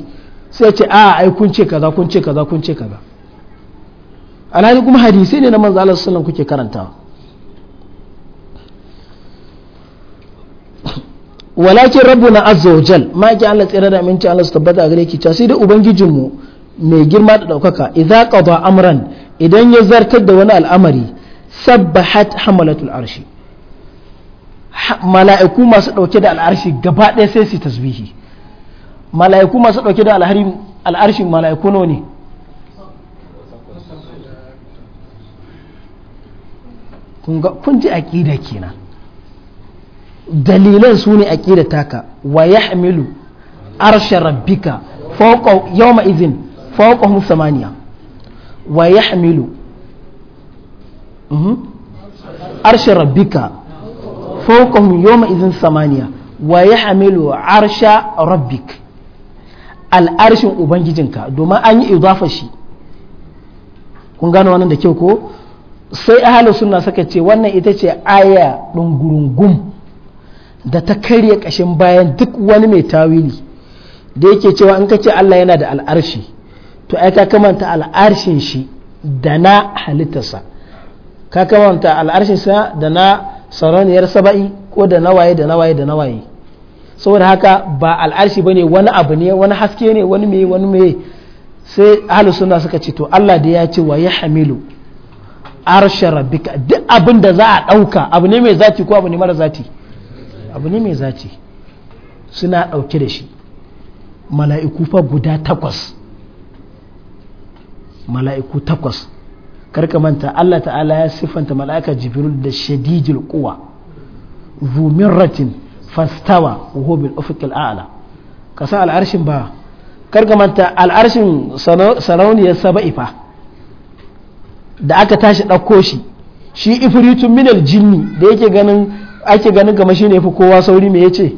sai ce a ai kun ce kaza kun ce kaza kun ce kaza alhali kuma hadisai ne na manzan Allah sallallahu kuke karantawa walakin rabbuna azza wa jal ma ki Allah tsira da aminci Allah su tabbata a gare ki sai da ubangijinmu mai girma da daukaka idza qada amran idan ya zartar da wani al'amari sabbahat hamalatul arshi mala'iku masu ɗauke da al'arshi gaba ɗaya sai su tasbihi mala'iku masu ɗauke da al'arshi mala'iku nawa ne kun ji aƙida kina dalilan su ne aƙida taka wa ya hamilu arshe rabbika yau ma'izin fauƙon samaniya wa ya hamilu mhm, arshe rabbika فوقهم يومئذ ثمانية ويحمل عرش ربك al'arshin ubangijinka domin an yi idafa shi kun gano wannan da kyau ko sai ahalin suna suka ce wannan ita ce aya ɗungurungum da ta karya ƙashin bayan duk wani mai tawili da yake cewa in ka ce Allah yana da al'arshi to ai ka kamanta al'arshin shi da na halittarsa ka kamanta al'arshin sa da na sarauniyar saba'i ko da nawaye da nawaye da nawaye saboda haka ba al'arshi ba ne wani abu ne wani haske ne wani me wani me sai ahalus suna suka ce to Allah da ya ce wa ya hamilu arsha rabbika duk abin da za a ɗauka abu ne mai zati ko abu ne mara zati abu ne mai zati suna ɗauke da shi mala'iku fa guda takwas mala'iku takwas karka manta Allah ta'ala ya siffanta mala'ika jibril da shadidul quwa zu mirratin fastawa wa huwa bil ufuqil a'la kasa al'arshin ba karka manta al'arshin sarauniya saba'i fa da aka tashi ɗauko shi shi ifritun minal jinni da yake ganin ake ganin kamar shine yafi kowa sauri me yace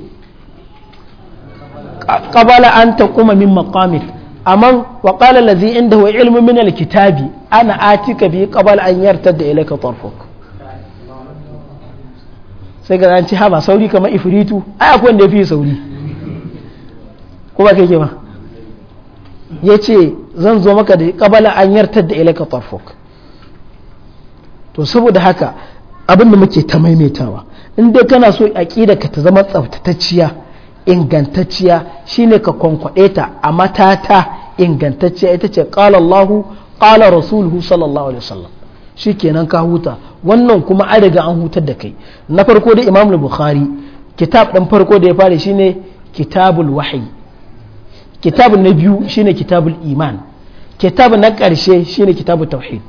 qabala an kuma min maqamik amma wa qala allazi indahu ilmu min alkitabi ana atika bi qabal an yartada ilayka tarfuk sai ga an ci haba sauri kamar ifritu ai akwai wanda yafi sauri ko ba kai ke ba yace zan zo maka da qabala an yartada ilayka tarfuk to saboda haka abin da muke ta maimaitawa in dai kana so aqida ka ta zama tsaftatacciya ingantacciya shine ka kwankwaɗe ta a matata ingantacciya ita ce qala Allahu qala rasuluhu sallallahu alaihi wasallam kenan ka huta wannan kuma an riga an hutar da kai na farko da Imam Bukhari kitab ɗan farko da ya fara shine kitabul wahyi kitab na biyu shine kitabul iman kitab na ƙarshe shine kitabul tauhid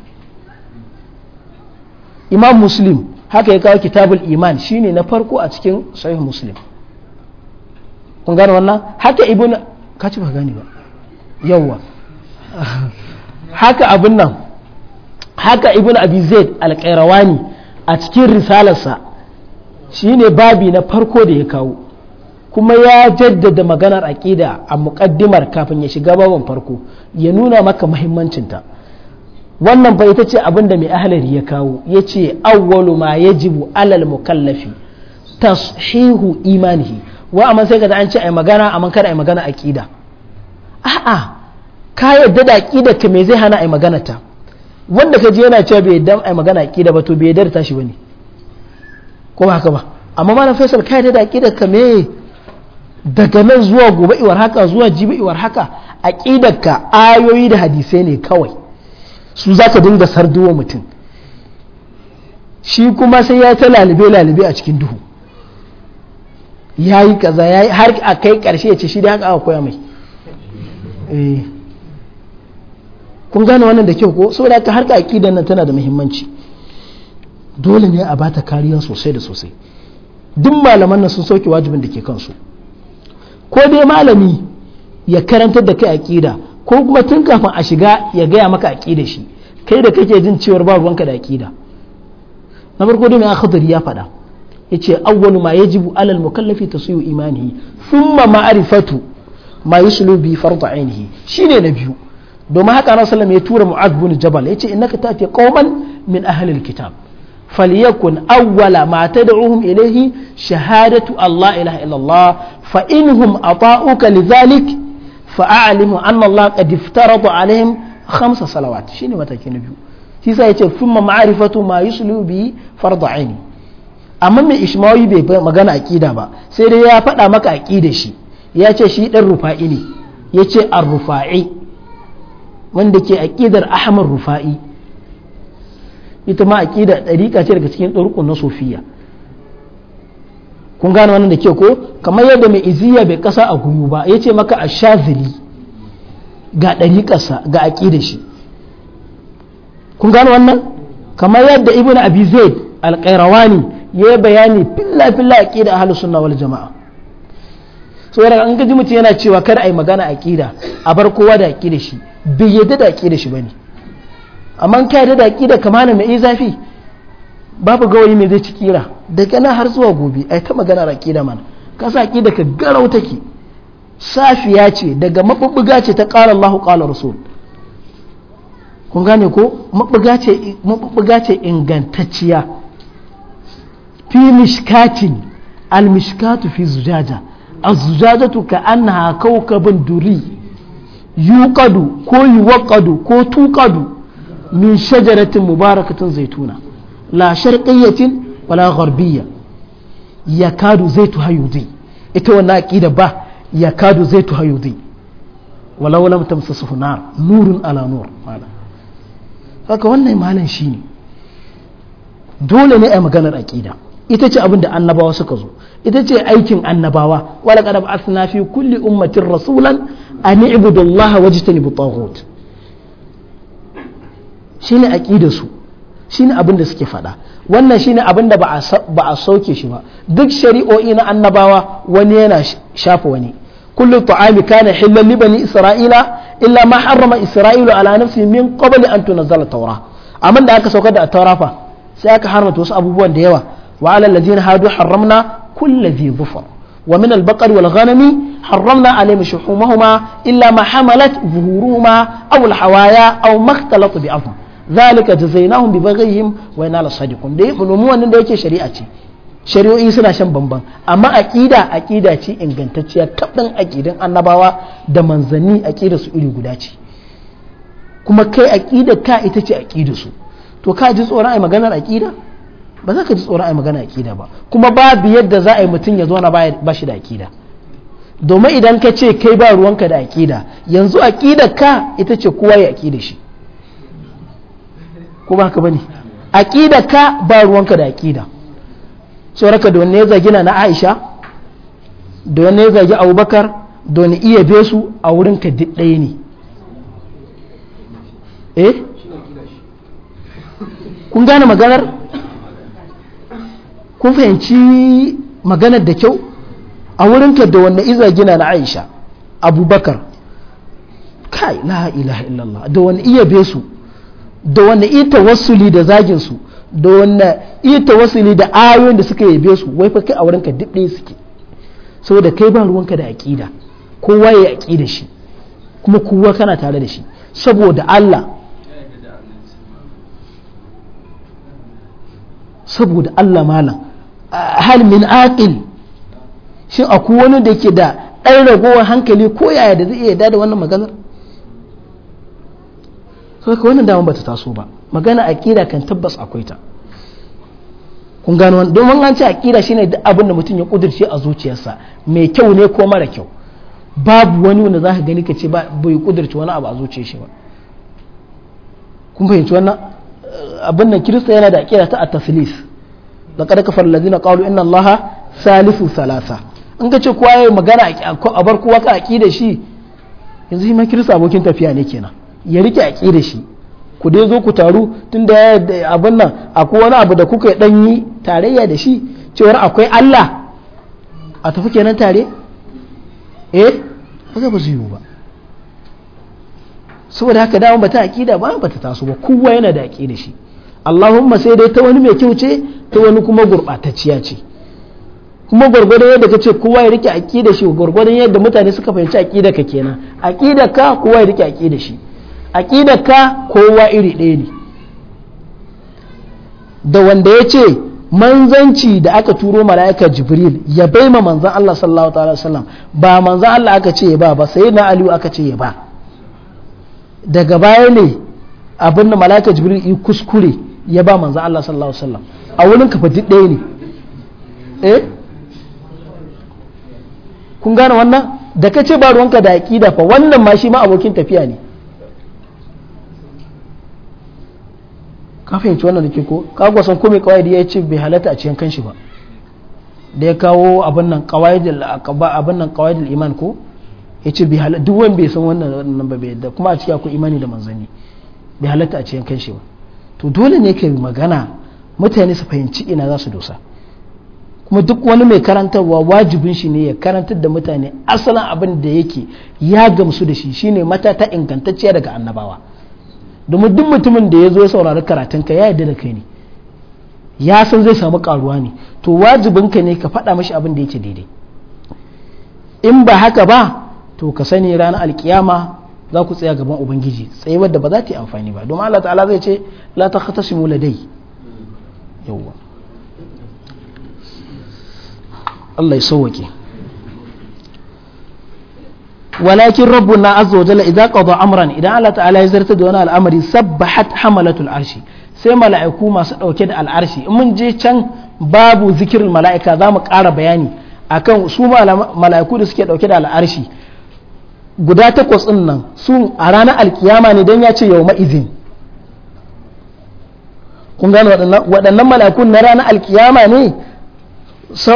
Imam Muslim haka ya kawo kitabul iman shine na farko a cikin sahih Muslim kun gane wannan haka ibn ka ci ba gani ba yawwa haka abin nan haka ibn abi zaid a cikin risalarsa shine babi na farko da ya kawo kuma ya jaddada maganar aƙida a muƙaddimar kafin ya shiga babban farko ya nuna maka muhimmancinta wannan fa ita ce abin da mai ahalari ya kawo ya ce awwalu ma yajibu alal mukallafi tashihu imanihi wa amma sai ka an ce ai magana amma kada ai magana aqida a'a ka yadda da aqida ka me zai hana ai magana ta wanda ka je yana cewa bai yadda ai magana aqida ba to bai yadda tashi bane ko ba haka ba amma malam faisal ka yadda da aqida ka me daga nan zuwa gobe iwar haka zuwa jibi iwar haka aqidar ka ayoyi da hadisai ne kawai su zaka dinga sarduwa mutum shi kuma sai ya ta lalube lalube a cikin duhu ya yi kaza ya yi har a kai karshe ya ce shi da haka aka koya mai eh. kun gane wannan da kyau ko saboda haka ka aƙidan nan tana da muhimmanci dole ne a ba ta kariya sosai da sosai duk malaman nan sun sauke wajibin da ke kansu ko dai malami ya karantar da kai aƙida ko kuma tun kafin a shiga ya gaya maka aƙida shi kai da kake jin cewar ba ruwanka da aƙida na farko dai mai akhdari ya faɗa yace awwalu ma yajibu alal mukallafi tasiyu imanihi thumma ma'rifatu ma yuslu bi fardu ainihi shine na biyu domin haka na sallam ya tura mu'ad bin jabal yace innaka tati qauman min ahli alkitab falyakun awwala ma tad'uhum ilaihi shahadatu allah ilaha illallah fa inhum ata'uka lidhalik fa'alimu anna allah qad iftarada alaihim khamsa salawat shine mataki na biyu shi yasa yace thumma ma'rifatu ma yuslu bi fardu ainihi amma mai ishmawi bai magana aqida ba sai dai ya faɗa maka aqida shi ya ce shi dan rufa'i ne ya ce ar-rufa'i wanda ke aqidar ahmad rufa'i ita ma aqida dariƙa ce daga cikin ɗarukun na sofiya kun gane wannan da ke ko kamar yadda mai iziya bai kasa a guyu ba ya ce maka a shazili ga ɗariƙarsa ga aƙidar shi kun gane wannan kamar yadda ibn abi zaid al-qairawani ya bayani filla filla a ahlus sunna wal jamaa saboda an gaji mutum yana cewa kada a yi magana ƙida, a bar kowa da ƙida shi bai yadda da ƙida shi ba bane amma ka yadda da ƙida kamar mai zafi babu gawayi mai zai ci kira daga nan har zuwa gobe yi ta magana a ƙida mana ka sa ƙida ka garau take safiya ce daga mabubbuga ce ta ƙara Allahu qala rasul kun gane ko ce ingantacciya في مشكات المشكات في الزجاجة الزجاجة كأنها كوكب دري يوقد كو يوقد كو توقد من شجرة مباركة زيتونة لا شرقية ولا غربية يكاد زيتها يضيء إتو ناكيد با يكاد زيتها يضيء ولو لم تمسسه نار نور على نور هذا هكا وانا يمالا شيني دول ايه مقالر اكيدا ita ce abin da annabawa suka zo ita ce aikin annabawa wala qad ba'athna fi kulli ummatin rasulan an i'budu Allah wajtanibu taghut shine aqidar su shine abin da suke faɗa wannan shine abin da ba a sauke shi ba duk shari'o'i na annabawa wani yana shafa wani kullu ta'ami kana hillal li bani isra'ila illa ma harrama isra'ilu ala nafsi min qabl an tunzala tawra amma da aka saukar da taura fa sai aka haramta wasu abubuwan da yawa وعلى الذين هادوا حرمنا كل ذي ظفر ومن البقر والغنم حرمنا عليهم شحومهما إلا ما حملت ظهورهما أو الحوايا أو ما اختلط بأظم ذلك جزيناهم ببغيهم وإنا لصادقون دي علموا أن دي شريعة shari'o'i suna shan bamban amma aƙida aƙida ce ingantacciya taɓin aƙidan annabawa da manzani aƙida su iri guda ce kuma kai aƙida ta ita ce aƙida to ka ji tsoron maganar aƙida ba za ka ji tsoron a magana akida ba kuma babu yadda za a yi mutum ya zo na ba shi da akida domin idan ka ce kai ba ruwanka da akida yanzu akidar ka ita ce kowa ya akida shi ko ba ka bane akidar ka ba ruwanka da akida tsoraka da wanne ya zagi na Aisha da wanne zagi Abubakar da iya besu a wurin ka duk ɗaya ne eh kun gane maganar kun fahimci maganar da kyau a wurin da wannan iza gina na aisha abubakar kai la ilaha illallah da wanne iya besu da wanne ita wasuli da zagin su da wanne ita wasuli da ayoyin da suka yabe su wai fa kai a wurin ka duk ɗaya suke saboda kai ba ruwanka da aƙida kowa ya aqida shi kuma kowa kana tare da shi saboda Allah saboda Allah malam hal min aqil shin akwai wani da ke da ɗan ragowar hankali ko yaya da zai iya yarda da wannan maganar so ka wannan ba bata taso ba magana aqida kan tabbas akwai ta kun gano wannan domin an ce aqida shine duk abin da mutum ya kudirce a zuciyarsa mai kyau ne ko mara kyau babu wani wanda zaka gani ka ce bai kudirce wani abu a zuciyar shi ba kun fahimci wannan abin nan kirista yana da aqida ta at-taslis laqad kafara alladhina qalu inna allaha salisu salasa in ka ce kowa yi magana a bar kowa ka da shi yanzu ma kirista abokin tafiya ne kenan ya rike da shi ku dai zo ku taru tun tunda abin nan akwai wani abu da kuka dan yi tarayya da shi cewar akwai Allah a tafi kenan tare eh haka ba zai yi ba saboda haka dama ba ta aƙida ba ba ta taso ba kowa yana da aƙi da shi Allahumma sai dai ta wani mai kyau ce ta wani kuma gurɓatacciya ce kuma gwargwadon yadda ka ce kowa ya rike aƙida shi gwargwadon yadda mutane suka fahimci aƙida ka kenan aƙida ka kowa ya rike aƙida shi aƙida ka kowa iri ɗaya ne da wanda ya ce manzanci da aka turo mala'ika jibril ya bai ma manzan Allah sallallahu ta'ala wasallam ba manzan Allah aka ce ya ba ba sai na aliyu aka ce ya ba daga baya ne abin da mala'ika jibril yi kuskure ya ba manzo Allah sallallahu alaihi wasallam a wurin ka duk ɗaya ne eh kun gane wannan da ka ce ba ruwanka da aqida fa wannan ma shi ma abokin tafiya ne ka fahimci wannan nake ko ka ga san komai kawai ya ce bai halatta a cikin kanshi ba da ya kawo abin nan qawaidul aqaba abin nan qawaidul iman ko ya ce bai halatta duk wanda bai san wannan nan ba bai da kuma a cikin akwai imani da manzanni bai halatta a cikin kanshi ba to dole ne ka yi magana mutane su fahimci ina za su dosa kuma duk wani mai karantarwa wajibin shi ne ya karantar da mutane asalin abin da yake ya gamsu da shi shine matata ingantacciya daga annabawa domin duk mutumin da ya zo ya saurari karatun ka ya yarda da kai ne ya san zai samu karuwa ne to wajibin ka ne ka faɗa mashi abin da yake daidai in ba haka ba to ka sani ranar alkiyama za ku tsaya gaban ubangiji tsayuwar da ba za ta yi amfani ba domin Allah ta'ala zai ce la ta ladai yawwa Allah ya sauwake walakin rabbuna azza wa jalla idza qada amran idan Allah ta'ala ya zarta da wani al'amari sabbahat hamalatul arshi sai mala'iku masu dauke da al'arshi in mun je can babu zikirin mala'ika za mu ƙara bayani akan su mala'iku da suke dauke da al'arshi guda takwas ɗin nan su a ranar alkiyama ne don ya ce yau ma'izin kun gano waɗannan malakun na ranar alkiyama ne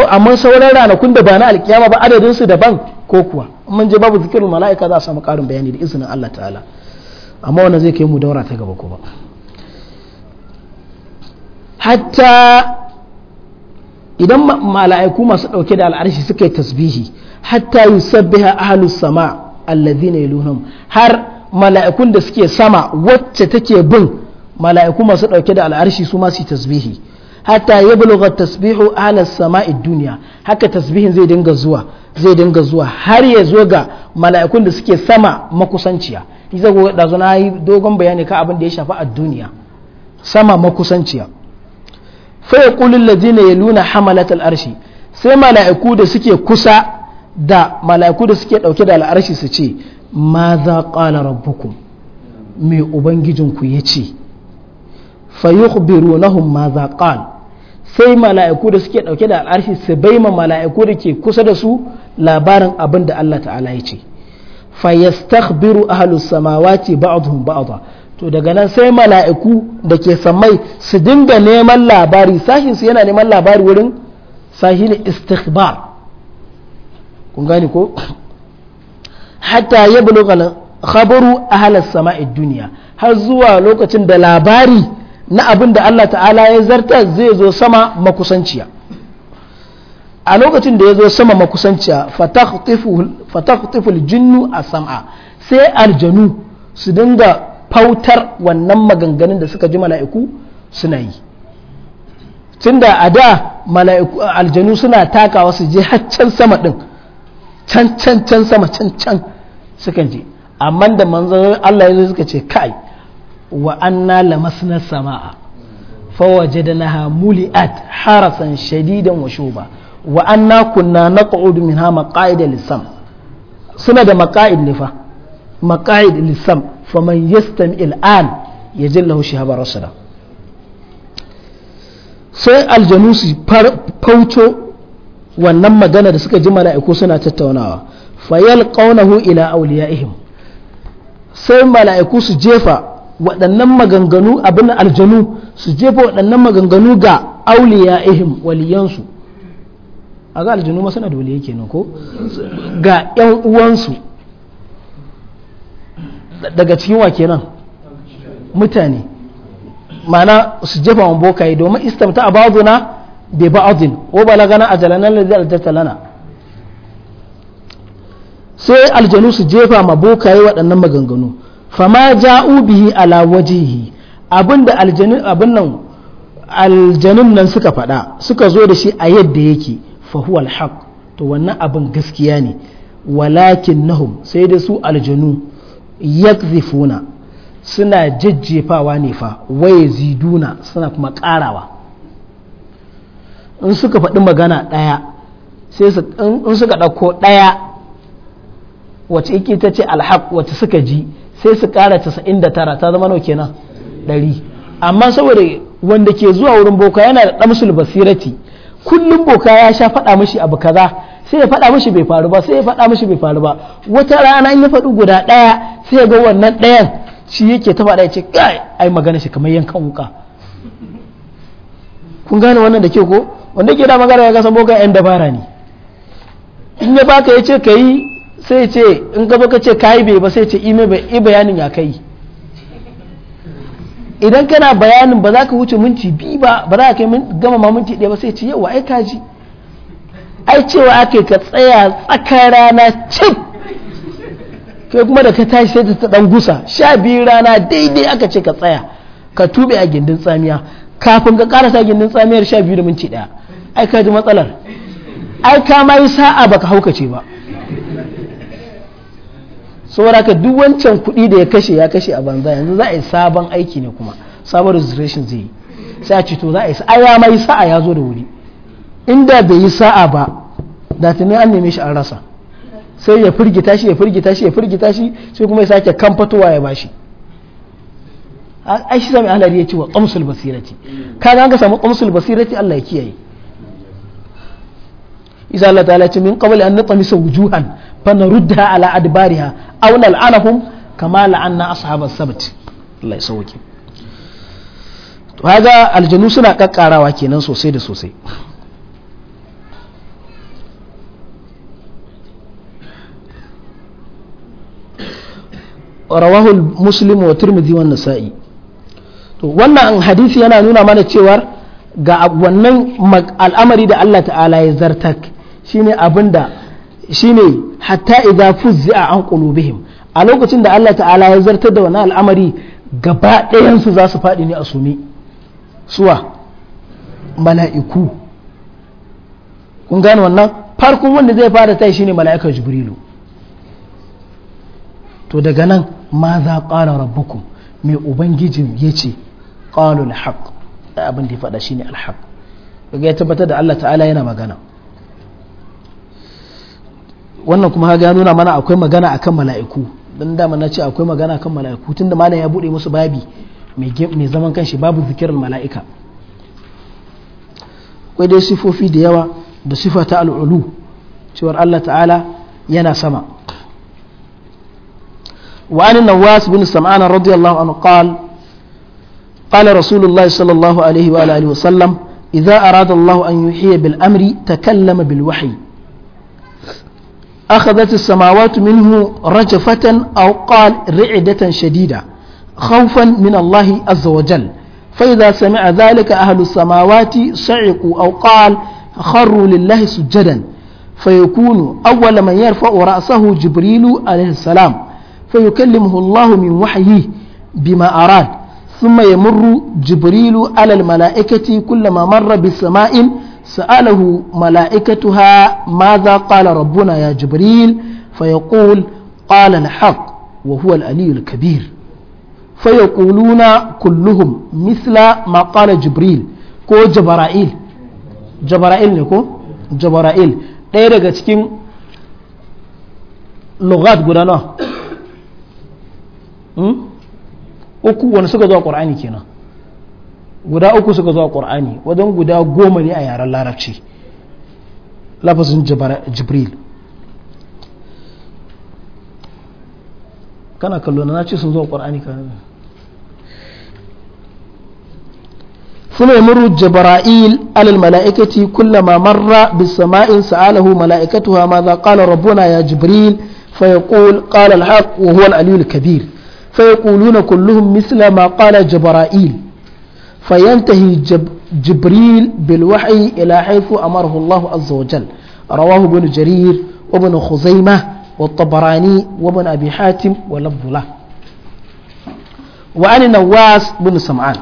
amma sauran ranakun da ba na alkiyama ba adadinsu daban ko kuwa mun je babu zikirin mala'ika za a samu ƙarin bayani da izinin Allah ta'ala amma wannan zai kai mu daura ta gaba kuma hatta idan mala'iku masu ɗauke da al'arshi suka yi tasbihi hatta yi yusabbiha ahlus sama' allazina yalunhum har mala'ikun da suke sama wacce take bin mala'iku masu dauke da al'arshi su ma su tasbihi hatta yablugha tasbihu ala sama'i dunya haka tasbihin zai dinga zuwa zai dinga zuwa har ya zo ga mala'ikun da suke sama makusanciya isa ko da zuna yi dogon bayani ka abin da ya shafi a duniya sama makusanciya fa yaqulu allazina yaluna hamalat al sai mala'iku da suke kusa da mala'iku da suke ɗauke da al'arshi su ce ma za ƙala rabbukum mai ubangijinku ya ce fayukhbirunahum ma za qal sai mala'iku da suke ɗauke da al'arshi su bai ma mala'iku da ke kusa da su labarin abin da Allah ta'ala ya ce fayastakhbiru ahlus samawati ba'dhum ba'dha to daga nan sai mala'iku da ke samai su dinga neman labari sahin su yana neman labari wurin sahin istikhbar kun gane ko hatta ya bulugha khabaru halar sama'i duniya har zuwa lokacin da labari na abin da Allah ta'ala ya zarta zai zo sama makusanciya a lokacin da ya zo sama makusanciya fatakhtifu jinnu a sam'a sai aljanu su dinga fautar wannan maganganun da suka ji mala'iku suna yi tunda a da aljanu suna takawa su je haccan sama din can can can sama can can sukan je amma da manzon Allah ya zo suka ce kai wa anna lamasna sama'a fawajadnaha muli'at harasan shadidan wa shuba wa anna kunna naq'udu minha maq'ida lisam suna da maq'id ne fa maq'id lisam faman yastami al'an yajillahu shihaba rasula sai aljanu su fauto wannan magana da suka ji mala'iku suna tattaunawa fayal ƙaunahu ila awliyaihim sai mala'iku su jefa waɗannan maganganu abin aljanu su jefa waɗannan maganganu ga awliyaihim waliyansu a ga aljanu ma suna da waliyai kenan ko ga ƴan uwansu daga cikin wa kenan mutane ma'ana su jefa wa bokaye domin istamta a bazuna ببعض وبلغنا أجلنا الذي أجلت لنا sai aljanu su jefa ma bokaye waɗannan maganganu ma ja'u bihi ala wajihi abinda aljanin abin nan nan suka faɗa suka zo da shi a yadda yake fa huwa alhaq to wannan abin gaskiya ne walakin nahum sai da su aljanu yakzifuna suna jajjefawa ne fa waye ziduna suna kuma ƙarawa in suka faɗi magana ɗaya sai su in suka ɗauko ɗaya wacce iki ta ce alhaq wacce suka ji sai su ƙara casa'in da tara ta zama nau kenan ɗari amma saboda wanda ke zuwa wurin boka yana da ɗamsul basirati kullum boka ya sha faɗa mishi abu kaza sai ya faɗa mishi bai faru ba sai ya faɗa mishi bai faru ba wata rana in ya faɗi guda ɗaya sai ya ga wannan ɗayan shi yake ta faɗa ya ce kai ai magana shi kamar yankan wuka kun gane wannan da ke ko wanda ke da magana ya kasan boka yan dabara ne in ya baka ya ce ka yi sai ce in ka ce ka yi bai ba sai ce ime bai bayanin ya kai idan kana bayanin ba za ka wuce minti bi ba ba za ka gama ma minti ɗaya ba sai ce yawa ai kaji ai cewa ake ka tsaya tsakar rana cip kai kuma da ka tashi sai ta ɗan gusa sha biyu rana daidai aka ce ka tsaya ka tube a gindin tsamiya kafin ka karasa gindin tsamiyar sha biyu da minti ɗaya ai ka ji matsalar ai ka ma yi sa'a baka haukace ba saboda ka duk wancan kuɗi da ya kashe ya kashe a banza yanzu za a yi sabon aiki ne kuma sabon registration zai yi sai a cito to za a yi sa'a ya ma yi sa'a ya zo da wuri inda bai yi sa'a ba da tuni an neme shi an rasa sai ya firgita shi ya firgita shi ya firgita shi sai kuma ya sake kan fitowa ya bashi ai shi zamin alhari ya ce wa ƙamsul basirati ka ga samu ƙamsul basirati Allah ya kiyaye iza Allah ta min qabli an natamisa wujuhan fa narudda ala adbariha aw nal'anahum kama la'anna ashabas sabt Allah ya sauke to haza aljanu suna kakkarawa kenan sosai da sosai رواه مسلم وترمذي والنسائي to wannan hadisi yana nuna mana cewar ga wannan al'amari da Allah ta'ala ya zartak shine abinda shine hatta idza fuzza an qulubihim a lokacin da Allah ta'ala ya zartar da wannan al'amari gaba ɗayan su za su faɗi ne a sumi suwa mala'iku kun gane wannan farkon wanda zai fara tai shine mala'ikar jibrilu to daga nan ma za ƙara rabbukum mai ubangijin ya ce qalu al abin da ya faɗa shine ne haq kaga ya tabbatar da Allah ta'ala yana magana wannan kuma ya nuna mana akwai magana akan mala'iku dan dama na ce akwai magana akan mala'iku tunda malam ya bude musu babi mai zaman kanshi babu zikirin mala'ika akwai dai sifofi da yawa da sifa ta al'ulu cewar Allah ta'ala yana sama وعن النواس بن سمعان رضي الله عنه قال قال رسول الله صلى الله عليه وآله وسلم إذا أراد الله أن يحيي بالأمر تكلم بالوحي أخذت السماوات منه رجفة أو قال رعدة شديدة خوفا من الله عز وجل فإذا سمع ذلك أهل السماوات صعقوا أو قال خروا لله سجدا فيكون أول من يرفع رأسه جبريل عليه السلام فيكلمه الله من وحيه بما أراد ثم يمر جبريل على الملائكة كلما مر بسماء سأله ملائكتها ماذا قال ربنا يا جبريل فيقول قال الحق وهو الألي الكبير فيقولون كلهم مثل ما قال جبريل كو جبرائيل جبرائيل نكو جبرائيل ɗaya daga cikin lughat guda uku wani suka zuwa qur'ani kenan guda uku suka zuwa qur'ani wajen guda goma ne a yaren larabci lafazin jibril kana kallo na ce sun zuwa qur'ani kan ثم يمر جبرائيل على الملائكة كلما مر بالسماء سأله ملائكتها ماذا قال ربنا يا جبريل فيقول قال الحق وهو العلي kabir. فيقولون كلهم مثل ما قال جبرائيل فينتهي جب جبريل بالوحي إلى حيث أمره الله عز وجل رواه ابن جرير وابن خزيمة والطبراني وابن أبي حاتم ولفظ له وعن النواس بن سمعان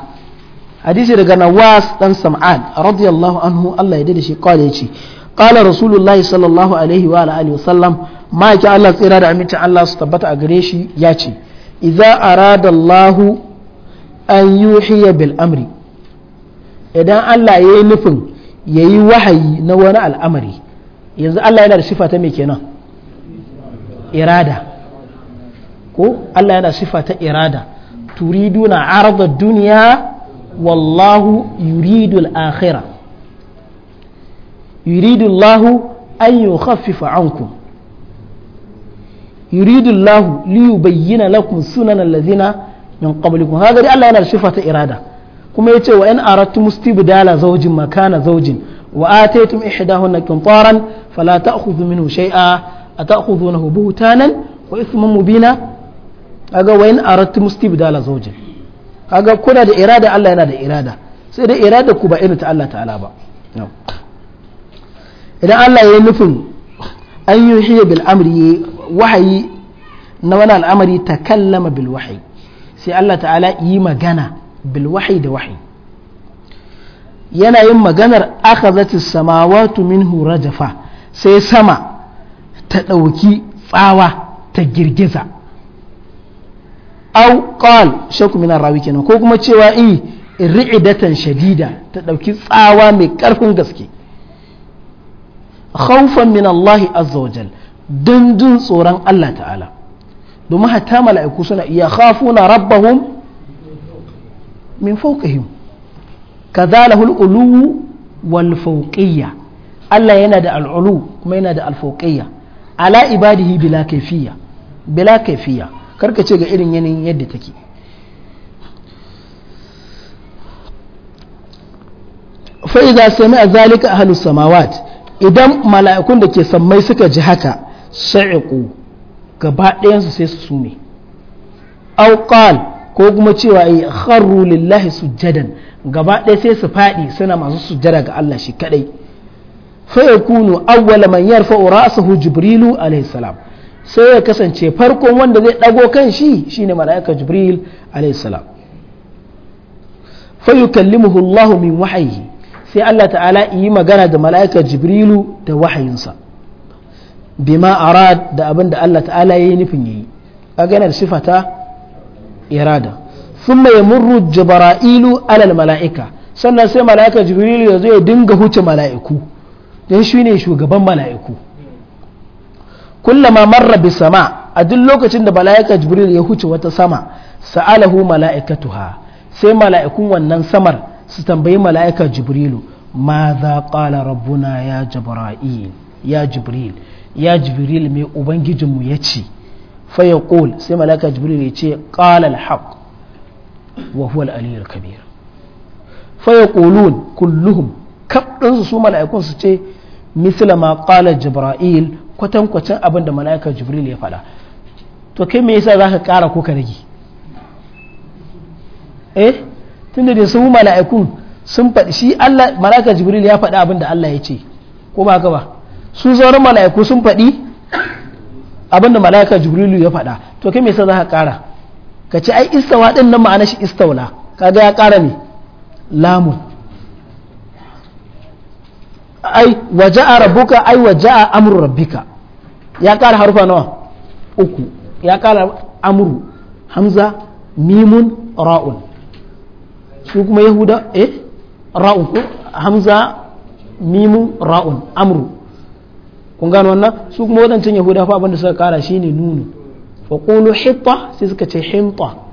hadisi daga Nawas dan Sam'an radiyallahu anhu Allah ya dade shi kawai ya ce qala rasulullahi sallallahu alaihi wa sallam ma ki Allah tsira da aminci Allah su tabbata a gare shi ya ce idza arada Allahu an yuhiya bil amri idan Allah yayi nufin yayi wahayi na wani al'amari yanzu Allah yana da sifa ta me kenan irada ko Allah yana sifa ta irada turiduna arda duniya wallahu yuridul akhirah yuridu Allahu an yukhaffifa ankum yuridu Allah li yubayyana lakum sunan allazina min qablikum kaga dai Allah yana da ta irada kuma yace wa in aradtum istibdala zawjin makana zawjin wa ataytum ihdahunna qintaran fala ta'khudhu minhu shay'a ata'khudhunahu buhtanan wa ithman mubina kaga wa in aradtum istibdala zawjin kaga kuna da irada Allah yana da irada sai da irada ku ba irin idan Allah ya yi nufin an yi wahayi na wani al'amari ta kallama bil sai Allah ta'ala yi magana bil da wahayi yana yin maganar akhazatis samawatu hura jafa sai sama ta ɗauki tsawa ta girgiza au qal shakku minar rawi kenan ko kuma cewa i ri'idatan shadida ta ɗauki tsawa mai ƙarfin gaske khawfan min allahi azza wajal don jin tsoron Allah ta'ala domin hatta mala'iku suna iya khafuna rabbahum min fawqihim ka al la wal fauƙiyya. Allah yana da al'ulu kuma yana da alfauƙiyya ala ibadihi bila kaifiyya bila kaifiyya karka ce ga irin yanayin yadda take fa idza sami'a zalika ahlus samawat idan mala'ikun da ke sammai suka ji haka sa'iqu gaba ɗayansu sai su sume aw ko kuma cewa ai kharru lillahi sujjadan gaba ɗaya sai su faɗi suna masu sujada ga Allah shi kadai fa yakunu awwala man yarfa'u ra'sahu jibrilu alayhi salam sai ya kasance farkon wanda zai ɗago kan shi shine mala'ika jibril alayhi salam fa yukallimuhu Allah min wahyihi sai Allah ta'ala yi magana da mala'ika jibrilu da wahayinsa bima arad da abin da Allah ta'ala ya yi nufin yi kaga yana da sifa ta irada thumma yamurru jibra'ilu alal mala'ika sannan sai mala'ika Jibrilu ya zo ya dinga huce mala'iku dan shi ne shugaban mala'iku kullama marra bi sama a duk lokacin da mala'ika jibril ya huce wata sama sa'alahu mala'ikatuha sai mala'ikun wannan samar su tambayi mala'ika jibrilu ma za qala rabbuna ya jibril ya jibril ya jibril mai ubangijinmu ya ce faya ƙol sai malaka jibril ya ce ƙalal haƙ wa huwa aliyul kabir faya ƙolun kulluhum su mala'ikun su ce misila ma ƙala jibra'il kwatankwacin abin da mala'ikar jibril ya faɗa to kai me yasa za ka ƙara ko ka rage eh tun da su mala'ikun sun faɗi shi Allah mala'ikar jibril ya faɗa abin da Allah ya ce ko ba ka ba su sauran mala'iku sun faɗi abinda mala'ika jibrilu ya faɗa to kai me yasa za ka ƙara ka ce ai istawa din nan ma'ana shi istawla kaga ya ƙara ne lamun ai waja'a rabbuka ai waja'a amru rabbika ya ƙara harufa nawa uku ya ƙara amru hamza mimun ra'un su kuma yahuda eh ra'un hamza mimun ra'un amru kun gano wannan su kuma wadancan yahuda fa da suka kara shi ne nunu fa qulu hitta sai suka ce hinta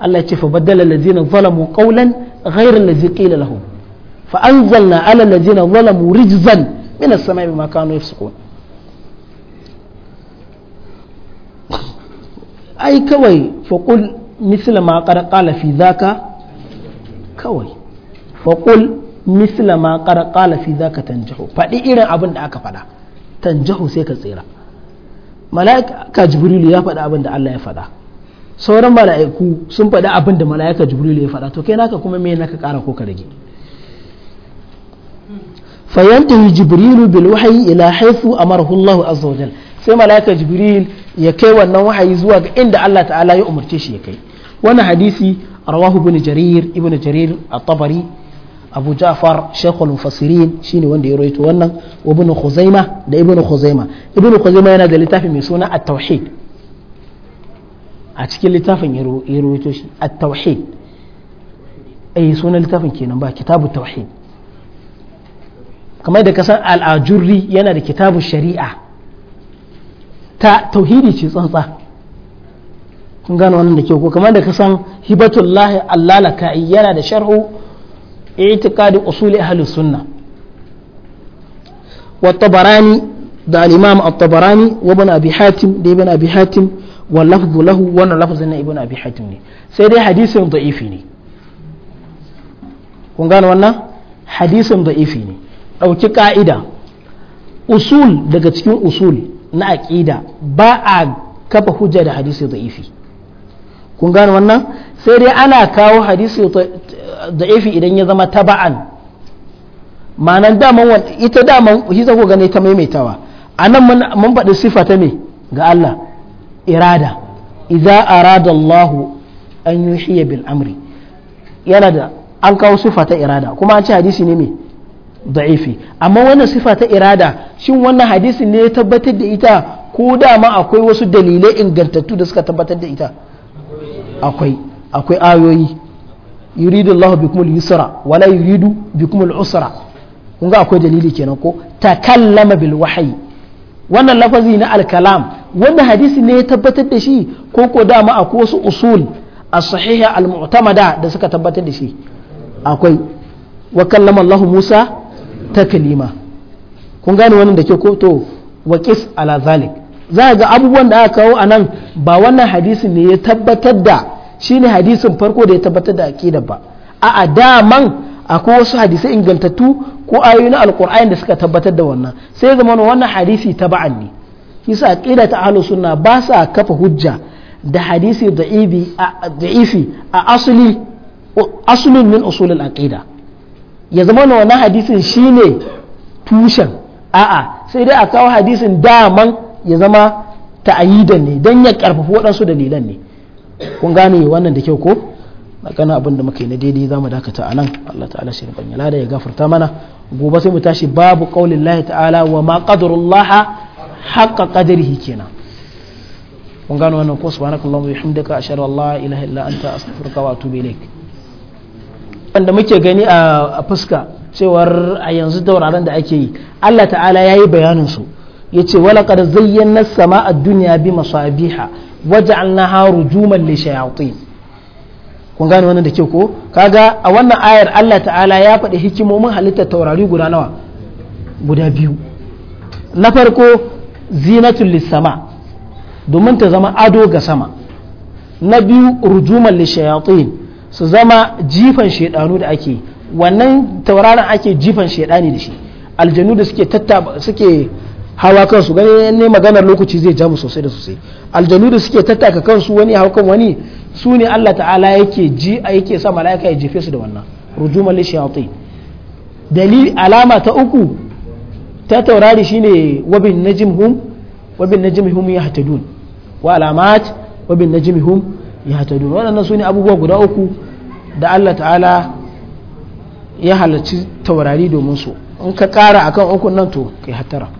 Allah ya ce fa badala allazina zalamu qawlan ghayra allazi qila lahum fa anzalna ala allazina zalamu rijzan min as-sama'i bima kanu yafsukun ai kawai fa qul misla ma qad qala fi dhaka kawai fa qul misla ma qad qala fi dhaka tanjahu fadi irin abin da aka fada tanjahu sai ka tsira mala'ika jibrilu ya faɗa abin da Allah ya faɗa sauran mala'iku sun faɗa abin da mala'ika jibrilu ya faɗa to kai naka kuma me naka ƙara ko ka rage fayantahi jibrilu bil wahayi ila haythu amarahu Allah azza wa jal sai mala'ika jibril ya kai wannan wahayi zuwa ga inda Allah ta'ala ya umarce shi ya kai wannan hadisi rawahu ibn jarir ibn jarir at-tabari abu ja'far shekul mufassirin shine wanda ya roito wannan wa ibn khuzaima da ibn khuzaima ibn khuzaima yana da littafi mai suna at-tauhid a cikin littafin ya roito shi at-tauhid eh sunan littafin kenan ba kitabu tauhid kamar da kasan al-ajurri yana da kitabu shari'a ta tauhidi ce tsantsa kun gano wannan da kyau ko kamar da kasan hibatullahi allalaka'i yana da sharhu i'tiqadi usuli ahli sunna wa tabarani abi hatim da abi hatim wa lafzu lahu wannan lafzin na abi hatim ne sai dai hadisin da'ifi ne kun wannan hadisin da'ifi ne dauki ka'ida usul daga cikin usul na aƙida ba a kafa hujja da da'ifi kun gane wannan sai dai ana kawo hadisi da'ifi idan ya zama taba'an manan daman ita daman hita ko gane ta maimaitawa a nan mun faɗi sifa ta ne ga Allah irada idza arada Allah an yuhiya bil amri yana da an kawo sifa ta irada kuma an ci hadisi ne me da'ifi amma wannan sifa ta irada shin wannan hadisi ne ya tabbatar da ita ko dama akwai wasu dalilai ingantattu da suka tabbatar da ita akwai akwai ayoyi yuridu Allah bikum al-yusra wa la yuridu bikum al-usra kun ga akwai dalili kenan ko takallama bil wahyi wannan lafazi na al-kalam wannan hadisi ne ya tabbatar da shi ko ko dama akwai wasu usul as-sahiha al-mu'tamada da suka tabbatar da shi akwai wa kallama Allah Musa taklima kun gane wannan da ke ko to wa qis ala zalik za ga abubuwan da aka kawo anan ba wannan hadisi ne ya tabbatar da shine hadisin farko da ya tabbatar da da ba a'a daman akwai wasu hadisai ingantattu ko ayoyi na alqur'ani da suka tabbatar da wannan sai zama wannan hadisi ta ba'an ne yasa ƙida ta ahlus sunna ba sa kafa hujja da hadisi da'ibi da'ifi a asli aslun min usul al-aqida ya zama wannan hadisin shine tushen a'a sai dai a kawo hadisin daman ya zama ta'ayidan ne don ya karfafi waɗansu dalilan ne kun gane wannan da kyau ko magana abin da muka yi na daidai za mu dakata a nan Allah ta'ala shi rubanya lada ya gafarta mana gobe sai mu tashi babu qaulin lahi ta'ala wa ma qadarullaha haqqa qadarihi kenan kun gano wannan ko subhanakallahumma wa bihamdika ashhadu an la ilaha illa anta astaghfiruka wa atubu ilaik wanda muke gani a fuska cewar a yanzu dauraren da ake yi Allah ta'ala yayi bayanin su yace walaqad zayyana as-sama'a ad-dunya bi masabiha waj'alnaha rujuman lishayatin kun gane wannan da ke ko kaga a wannan ayar Allah ta'ala ya faɗi hikimomin halittar taurari guda nawa guda biyu na farko zinatul lissama domin ta zama ado ga sama na biyu rujuman lishayatin su zama jifan shedanu da ake wannan tauraron ake jifan shedani da shi aljanu da suke tattaba suke hawa kansu ganin ne maganar lokaci zai jamu sosai da sosai aljanu da suke tattaka kansu wani haukan wani su ne Allah ta'ala yake ji a yake sa mala'ika ya jefe su da wannan rujuman lishayatai dalil alama ta uku ta taurari shine wabin najmhum wabin hata yahtadun wa alamat wabin hata yahtadun waɗannan su ne abubuwa guda uku da Allah ta'ala ya halarci taurari domin su in ka kara akan ukun nan to kai hatara